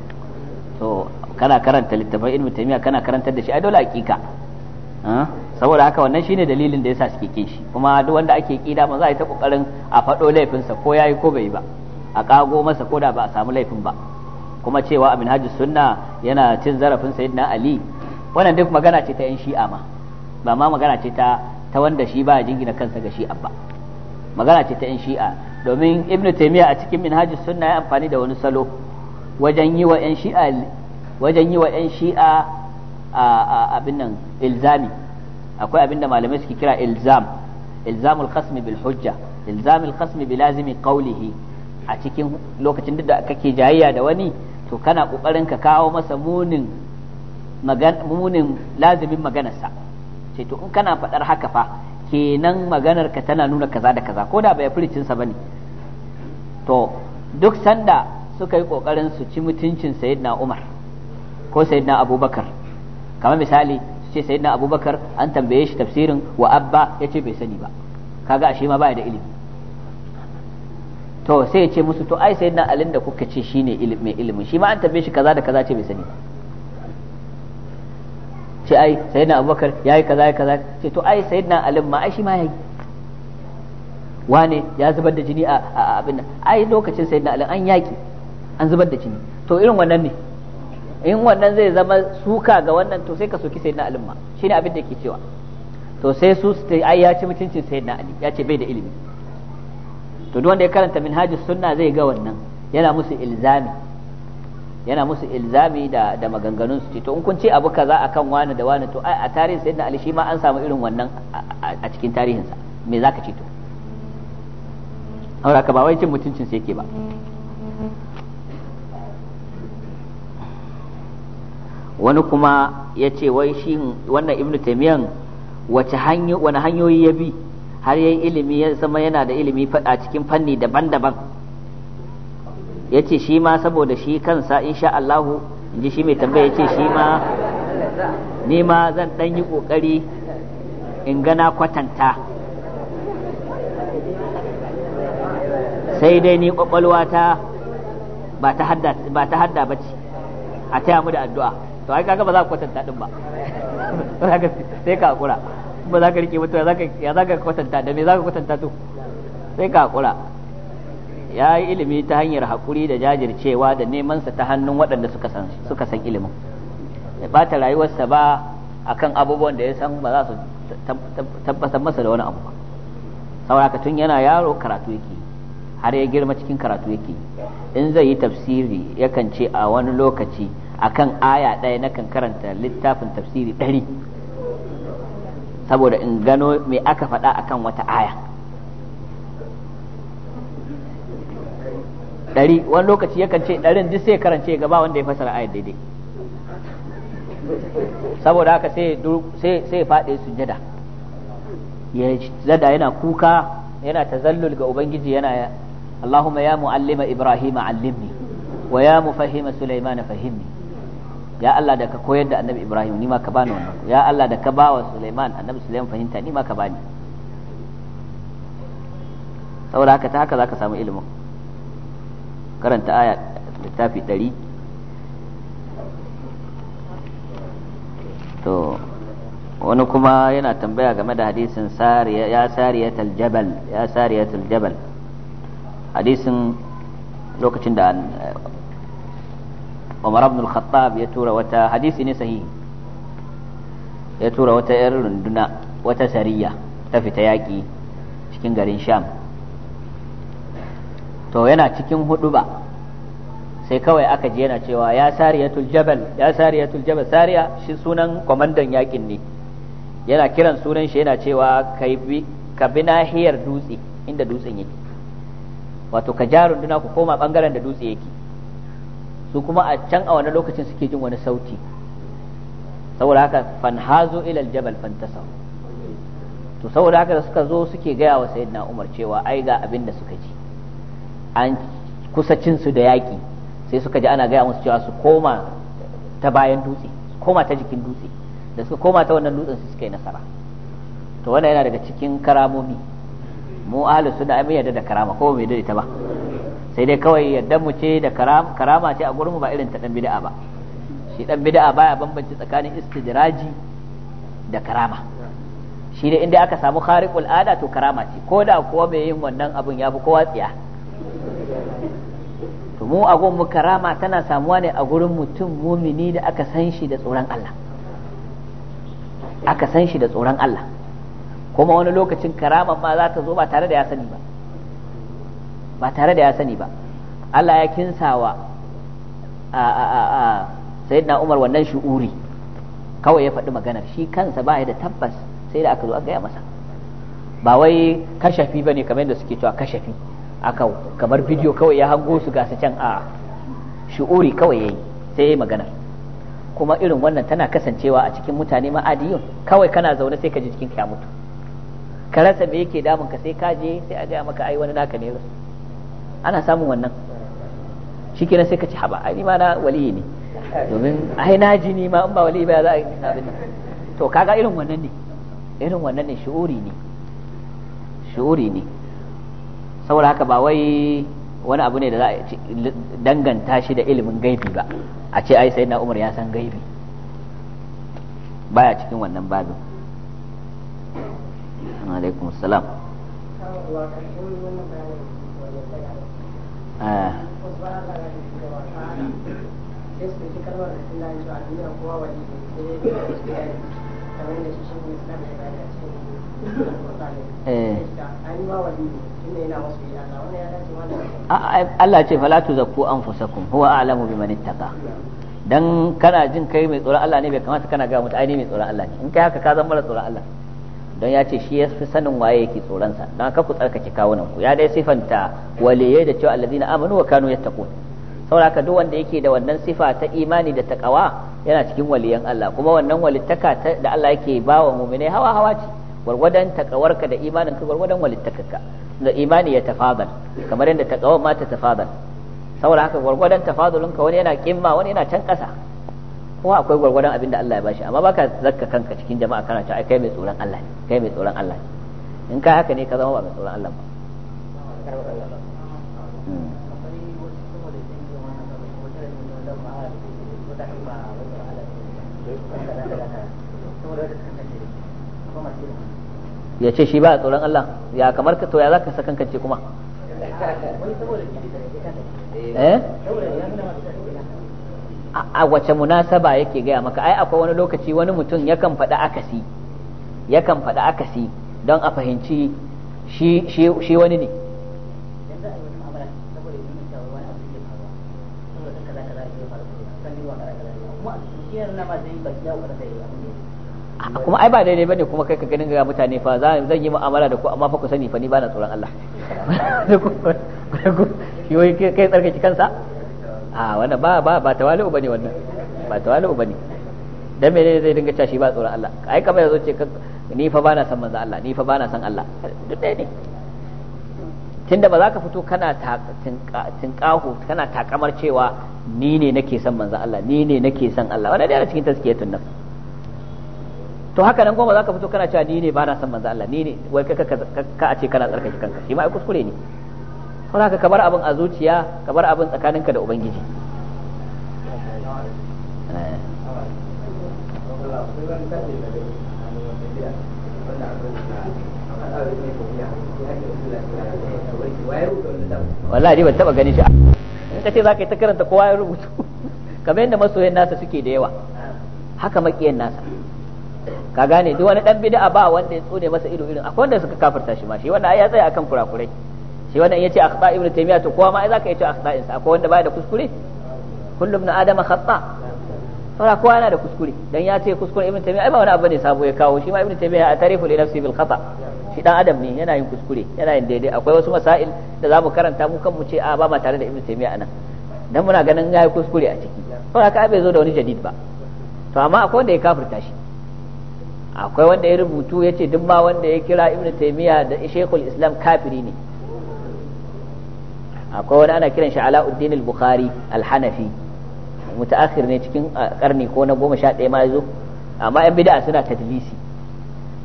to kana karanta littafin ibnu taymiya kana karantar da shi ai dole hakika saboda haka wannan shine dalilin da yasa suke kin shi kuma duk wanda ake kida ma za a yi ta kokarin a faɗo laifinsa ko yayi ko bai ba a kago masa ko da ba a samu laifin ba kuma cewa a minhajus sunna yana cin zarafin sayyidina ali wannan duk magana ce ta yan shi'a ma ba ma magana ce ta ta wanda shi ba jingina kansa ga shi'a ba magana ce ta yan shi'a domin ibnu taymiya a cikin minhajus sunna ya amfani da wani salo wajen yi wa yan shi'a wajen yi wa yan shi'a abin nan ilzami akwai abin da malamai suke kira ilzam ilzamul khasmi bil hujja ilzamul khasmi bi lazimi qawlihi a cikin lokacin da kake jayayya da wani to kana kokarin ka kawo masa munin munin lazimin maganarsa ce to in kana faɗar haka fa kenan maganar ka tana nuna kaza da kaza ko da bai furicinsa ba ne to duk sanda suka yi kokarin su ci mutuncin sayyidina umar ko sayyidina abubakar kamar misali su ce sayyidina abubakar an tambaye shi tafsirin wa abba ya ce bai sani ba kaga ashe ma baya da ilimi to sai ya ce musu to ai nan alin da kuka ce shine mai ilimi shi ma an tambaye shi kaza da kaza ce bai sani ba ce ai sayyidina abubakar yayi kaza yayi kaza ce to ai nan alin ma ai shi ma yayi wane ya zubar da jini a abin ai lokacin sayyidina alin an yaki an zubar da jini to irin wannan ne in wannan zai zama suka ga wannan to sai ka soki sayyidina alin ma shine abin da yake cewa to sai su ai ya ci mutuncin sayyidina ali ya ce bai da ilimi to duk wanda ya karanta minhajus sunna zai ga wannan yana musu ilzami yana musu ilzami da da maganganun su to in kun ce abu kaza akan wani da wani to ai a tarihin sayyidina ali shi ma an samu irin wannan a cikin tarihinsa me zaka ce to aura ka ba wai cin mutuncin sai yake ba wani kuma ya ce wai shi wannan ibnu taymiyan wace wani hanyoyi ya bi har yayi ilimi ya zama yana da ilimi fada cikin fanni daban-daban yace shi ma saboda shi kansa insha Allahu inji shi mai tambaya yace shi ma ni ma zan dan yi kokari in gana kwatanta sai dai ni ta ba ta hadda ba ta hadda bace a taya mu da addu'a to ai kaga ba za ku kwatanta din ba [laughs] sai ka hakura ba za ka rike mutu ya za ka kwatanta da me za ka kwatanta to sai ka hakura ya yi ilimi ta hanyar hakuri da jajircewa da neman sa ta hannun waɗanda suka san san ilimin ya bata rayuwarsa ba akan abubuwan da ya san ba za su tabbatar masa da wani abu ba sauraka tun yana yaro karatu yake har ya girma cikin karatu yake in zai yi tafsiri yakan ce a wani lokaci akan aya ɗaya na kan karanta littafin tafsiri ɗari saboda in gano me aka faɗa akan wata aya ɗari wani lokaci yakan ce ɗarin duk sai karance gaba wanda ya fasara ayar daidai saboda haka sai sai su jada, ya zada yana kuka yana tazallul ga ubangiji yana Allahumma ya mu'allima Ibrahim allimni wa ya mufahima Sulaiman fahimni ya Allah da ka koyar da annabi Ibrahim ni ma ka bani wannan ya Allah da ka bawa Sulaiman annabi Sulaiman fahimta ni ma ka bani saboda haka ta haka zaka samu ilimin karanta aya littafi 100 to wani kuma yana tambaya game da hadisin ya sariyatul jabal ya sariyatul jabal hadisin lokacin da Umar ibn al-Khattab ya tura wata hadisi ne sahihi ya tura wata yar runduna wata sariya ta fita yaki cikin garin Sham to yana cikin huduba sai kawai aka ji yana cewa ya sariyatul jabal ya sariyatul jabal sariya shi sunan kwamandan yakin ne yana kiran sunan shi yana cewa ka bi nahiyar dutse inda dutsen yake wato ka ja runduna ku koma bangaren da dutse yake su kuma a can a wani lokacin suke jin wani sauti saboda haka fanhazo ilal jabal fantasau to saboda haka suka zo suke gaya wa sayyidina umar cewa ai ga abin da suka ji an kusacin su da yaki sai suka ji ana gaya musu cewa su koma ta bayan dutse koma ta jikin dutse da suka koma ta wannan dutsen su suka yi nasara to wannan yana daga cikin karamomi mu ahlus sunna ai yadda da karama ko mai yadda ta ba sai dai kawai yadda mu ce da karama ce a gurin mu ba irin ta dan bid'a ba shi dan bid'a baya bambanci tsakanin istidraji da karama shi ne inda aka samu khariqul ada to karama ce ko da kuwa mai yin wannan abun ya kowa tsiya to mu a mu karama tana samuwa ne a gurin mutum mumini da aka san shi da tsoron Allah aka san shi da tsoron Allah kuma wani lokacin karama ma za ta zo ba tare da ya sani ba ba tare da ya sani ba Allah ya kinsawa a a a a sayyidina Umar wannan shu'uri kawai ya faɗi maganar shi kansa ba ya da tabbas sai da aka zo aka gaya masa ba wai kashafi bane kamar yadda suke cewa kashafi aka kamar bidiyo kawai ya hango su gasu can a shu'uri kawai yayi sai yayi maganar kuma irin wannan tana kasancewa a cikin mutane ma'adiyun kawai kana zaune sai ka ji jikin ka mutu ka rasa me yake damun ka sai ka je sai a gaya maka ai wani naka ne ana samun wannan shi kenan sai ka ci haba ai ma na waliyi ne domin ai na ji ni ma in ba waliyi ba za a yi abin to kaga irin wannan ne irin wannan ne shu'uri ne shu'uri ne saboda haka ba wai wani abu ne da za a danganta shi da ilimin gaibi ba a ce ai sai na umar ya san gaibi baya cikin wannan babin alaikum salam Allah ce fala tu zakku fusakun huwa a'lamu biman ittaqa dan kana jin kai mai tsoron Allah ne bai kamata kana ga mutane mai tsoron Allah ne in kai haka ka zama mara tsoron Allah don ya ce shi ya fi sanin waye yake tsoronsa don haka ku tsarkake kawunan ku ya dai sifanta waliyai da cewa allazina amanu wa kanu yattaqun saboda haka duk wanda yake da wannan sifa ta imani da taqwa yana cikin waliyan Allah kuma wannan walittaka da Allah yake ba wa mu'mini hawa hawa ce gwargwadon takawarka da imanin ka gwargwadon walittakarka da imani ya tafadal kamar yadda taqwa ma ta tafadal saboda haka gwargwadon tafadulin ka wani yana kimma wani yana can kasa kowa akwai gwargwadon abin da Allah ya bashi amma baka zakka kanka cikin jama'a kana cewa kai mai tsoron Allah ne kai mai tsoron Allah ne in kai haka ne ka zama ba mai tsoron Allah ba ya ce shi ba a tsoron Allah ya kamar ka to ya zaka kance kuma eh a wace munasaba yake gaya maka ai akwai wani lokaci wani mutum yakan faɗi akasi yakan faɗi akasi don a fahimci shi wani ne kuma ai ba daidai bane kuma kai ka ganin ga mutane fa zan yi mu'amala da ku amma fa ku sani fa ni bana tsoron Allah shi kai tsarkake kansa a wannan ba ba ba tawali'u ne wannan ba tawali'u bane dan ne zai dinga cewa shi ba tsoron Allah ai kamar yazo ce ni fa bana san manzo Allah ni fa bana san Allah duk dai ne tunda ba za ka fito kana tinkaho kana takamar cewa ni ne nake san manzo Allah ni ne nake san Allah wannan dai a cikin tazkiyatun nan to haka nan goma za ka fito kana cewa ni ne bana san manzo Allah ni ne wai ka ka a ce kana tsarkake kanka shi ma ai kuskure ne ka kamar abin a zuciya kamar abin tsakaninka da ubangiji wallahi ba taba gani shi in ka ce za ka yi ta karanta kowa ya rubutu kamar yadda masoyan nasa suke da yawa haka makiyan nasa ka gane duk wani dan bid'a ba wanda ya tsone masa ido irin akwai wanda suka kafirta shi ma shi wanda ai ya tsaya akan kurakurai sai wannan yace akhta ibnu taymiya to kowa ma ai zaka yace akhta insa akwai wanda baya da kuskure kullum na adama khata saboda kowa yana da kuskure dan ya ce kuskure ibnu taymiya ai ba wani abu ne sabo ya kawo shi ma ibnu taymiya a tarifu li nafsi bil khata shi dan adam ne yana yin kuskure yana yin daidai akwai wasu masail da zamu karanta mu kan mu ce a ba ma tare da ibnu taymiya anan dan muna ganin yayi kuskure a ciki saboda ka bai zo da wani jadid ba to amma akwai wanda ya kafirta shi akwai wanda ya rubutu ya ce duk ma wanda ya kira ibnu taymiya da shaykhul islam kafiri ne akwai wani ana kiran shi Alauddin al-Bukhari al-Hanafi mutaakhir ne cikin karni ko na 11 ma zo amma yan bid'a suna tadlisi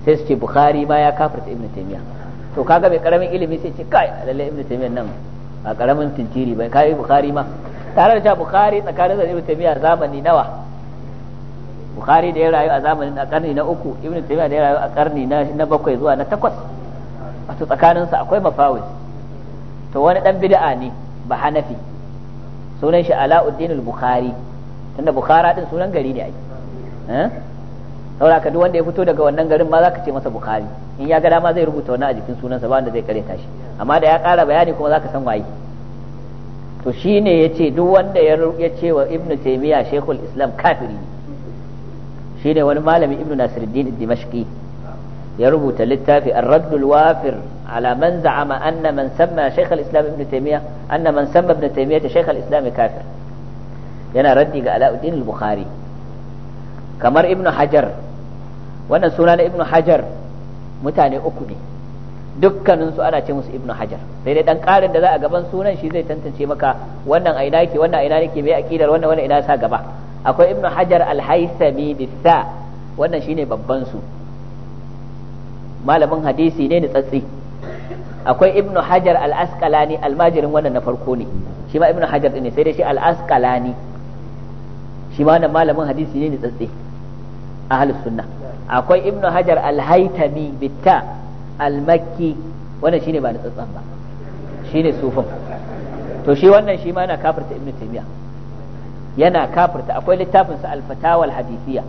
sai su ce Bukhari ma ya kafirta Ibn Taymiyyah to kaga mai karamin ilimi sai ce kai lalle Ibn Taymiyyah nan a karamin tintiri bai kai Bukhari ma tare da cewa Bukhari tsakanin da Ibn Taymiyyah zamani nawa Bukhari da ya rayu a zamanin a karni na uku Ibn Taymiyyah da ya rayu a karni na bakwai zuwa na takwas wato tsakaninsa akwai mafawis to wani dan bid'a ne ba hanafi sunan shi ala'uddin al-bukhari tunda bukhara din sunan gari ne ai eh? saboda ka duk wanda ya fito daga wannan garin ma zaka ce masa bukhari in ya ga dama zai rubuta wani a jikin sunansa ba wanda zai karanta shi amma da ya ƙara bayani kuma zaka san waye to shine yace duk wanda ya ce wa ibnu taymiya shaykhul islam kafiri ne shine wani malami ibnu nasiruddin dimashqi ya rubuta littafi ar-raddul wafir على من زعم أن من سمى شيخ الإسلام ابن تيمية أن من سمى ابن تيمية شيخ الإسلام كافر yana raddi ga Alauddin al-Bukhari kamar Ibn Hajar wannan suna na Ibn Hajar mutane uku ne dukkaninsu ana ce musu Ibn Hajar sai dai dan karin da za a gaban sunan shi zai tantance maka wannan a ina yake wannan a ina yake mai akidar wannan wannan ina sa gaba akwai Ibn Hajar al-Haythami bisa wannan shine babban su malamin hadisi ne ni tsatsi akwai ibn hajar al-asqalani almajirin wannan na farko ne shi ma ibn hajar ne sai dai shi al-asqalani shi ma wannan malamin hadisi ne tsatsi a ahlus sunna akwai ibn hajar al-haytami bitta al-makki wannan shine ba na tsatsan ba shine sufin to shi wannan shi ma yana kafirta ibn taymiya yana kafirta akwai littafin sa al-fatawa al-hadithiyya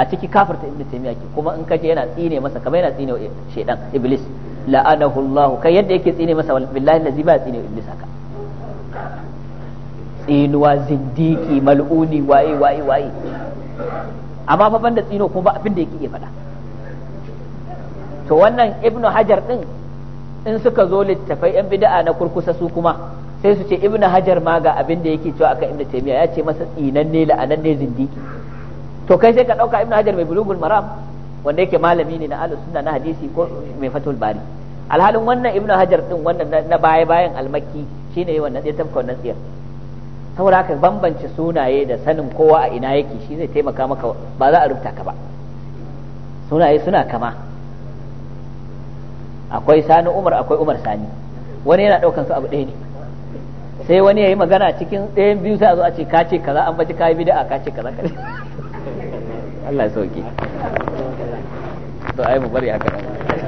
a ciki kafirta ibn taymiya ke kuma in kaje yana tsine masa kamar yana tsine shedan iblis la'anahu Allah kai yadda yake tsine masa billahi lazi ba tsine iblis haka tsinuwa zindiki mal'uni waye waye waye amma fa banda tsino kuma ba abin da yake iya faɗa to wannan ibnu hajar din in suka zo littafai yan bid'a na kurkusa su kuma sai su ce ibnu hajar ma ga abin da yake cewa aka Ibn taymiya ya ce masa tsinanne la'ananne zindiki to kai sai ka dauka ibnu hajar mai bulugul maram wanda yake malami ne na ahlus sunna na hadisi ko mai fatul bari alhalin wannan ibnu hajar din wannan na baya bayan almakki shine yayi wannan ya tafka wannan tsiyar saboda haka bambance sunaye da sanin kowa a ina yake shi zai taimaka maka ba za a rubuta ka ba sunaye suna kama akwai sani umar akwai umar sani wani yana daukan su abu ɗaya ne sai wani yayi magana cikin ɗayan biyu sai a zo a ce ka ce kaza an baji kai bid'a ka ce kaza kaza [laughs] Allah ya sauke to ai mu bari haka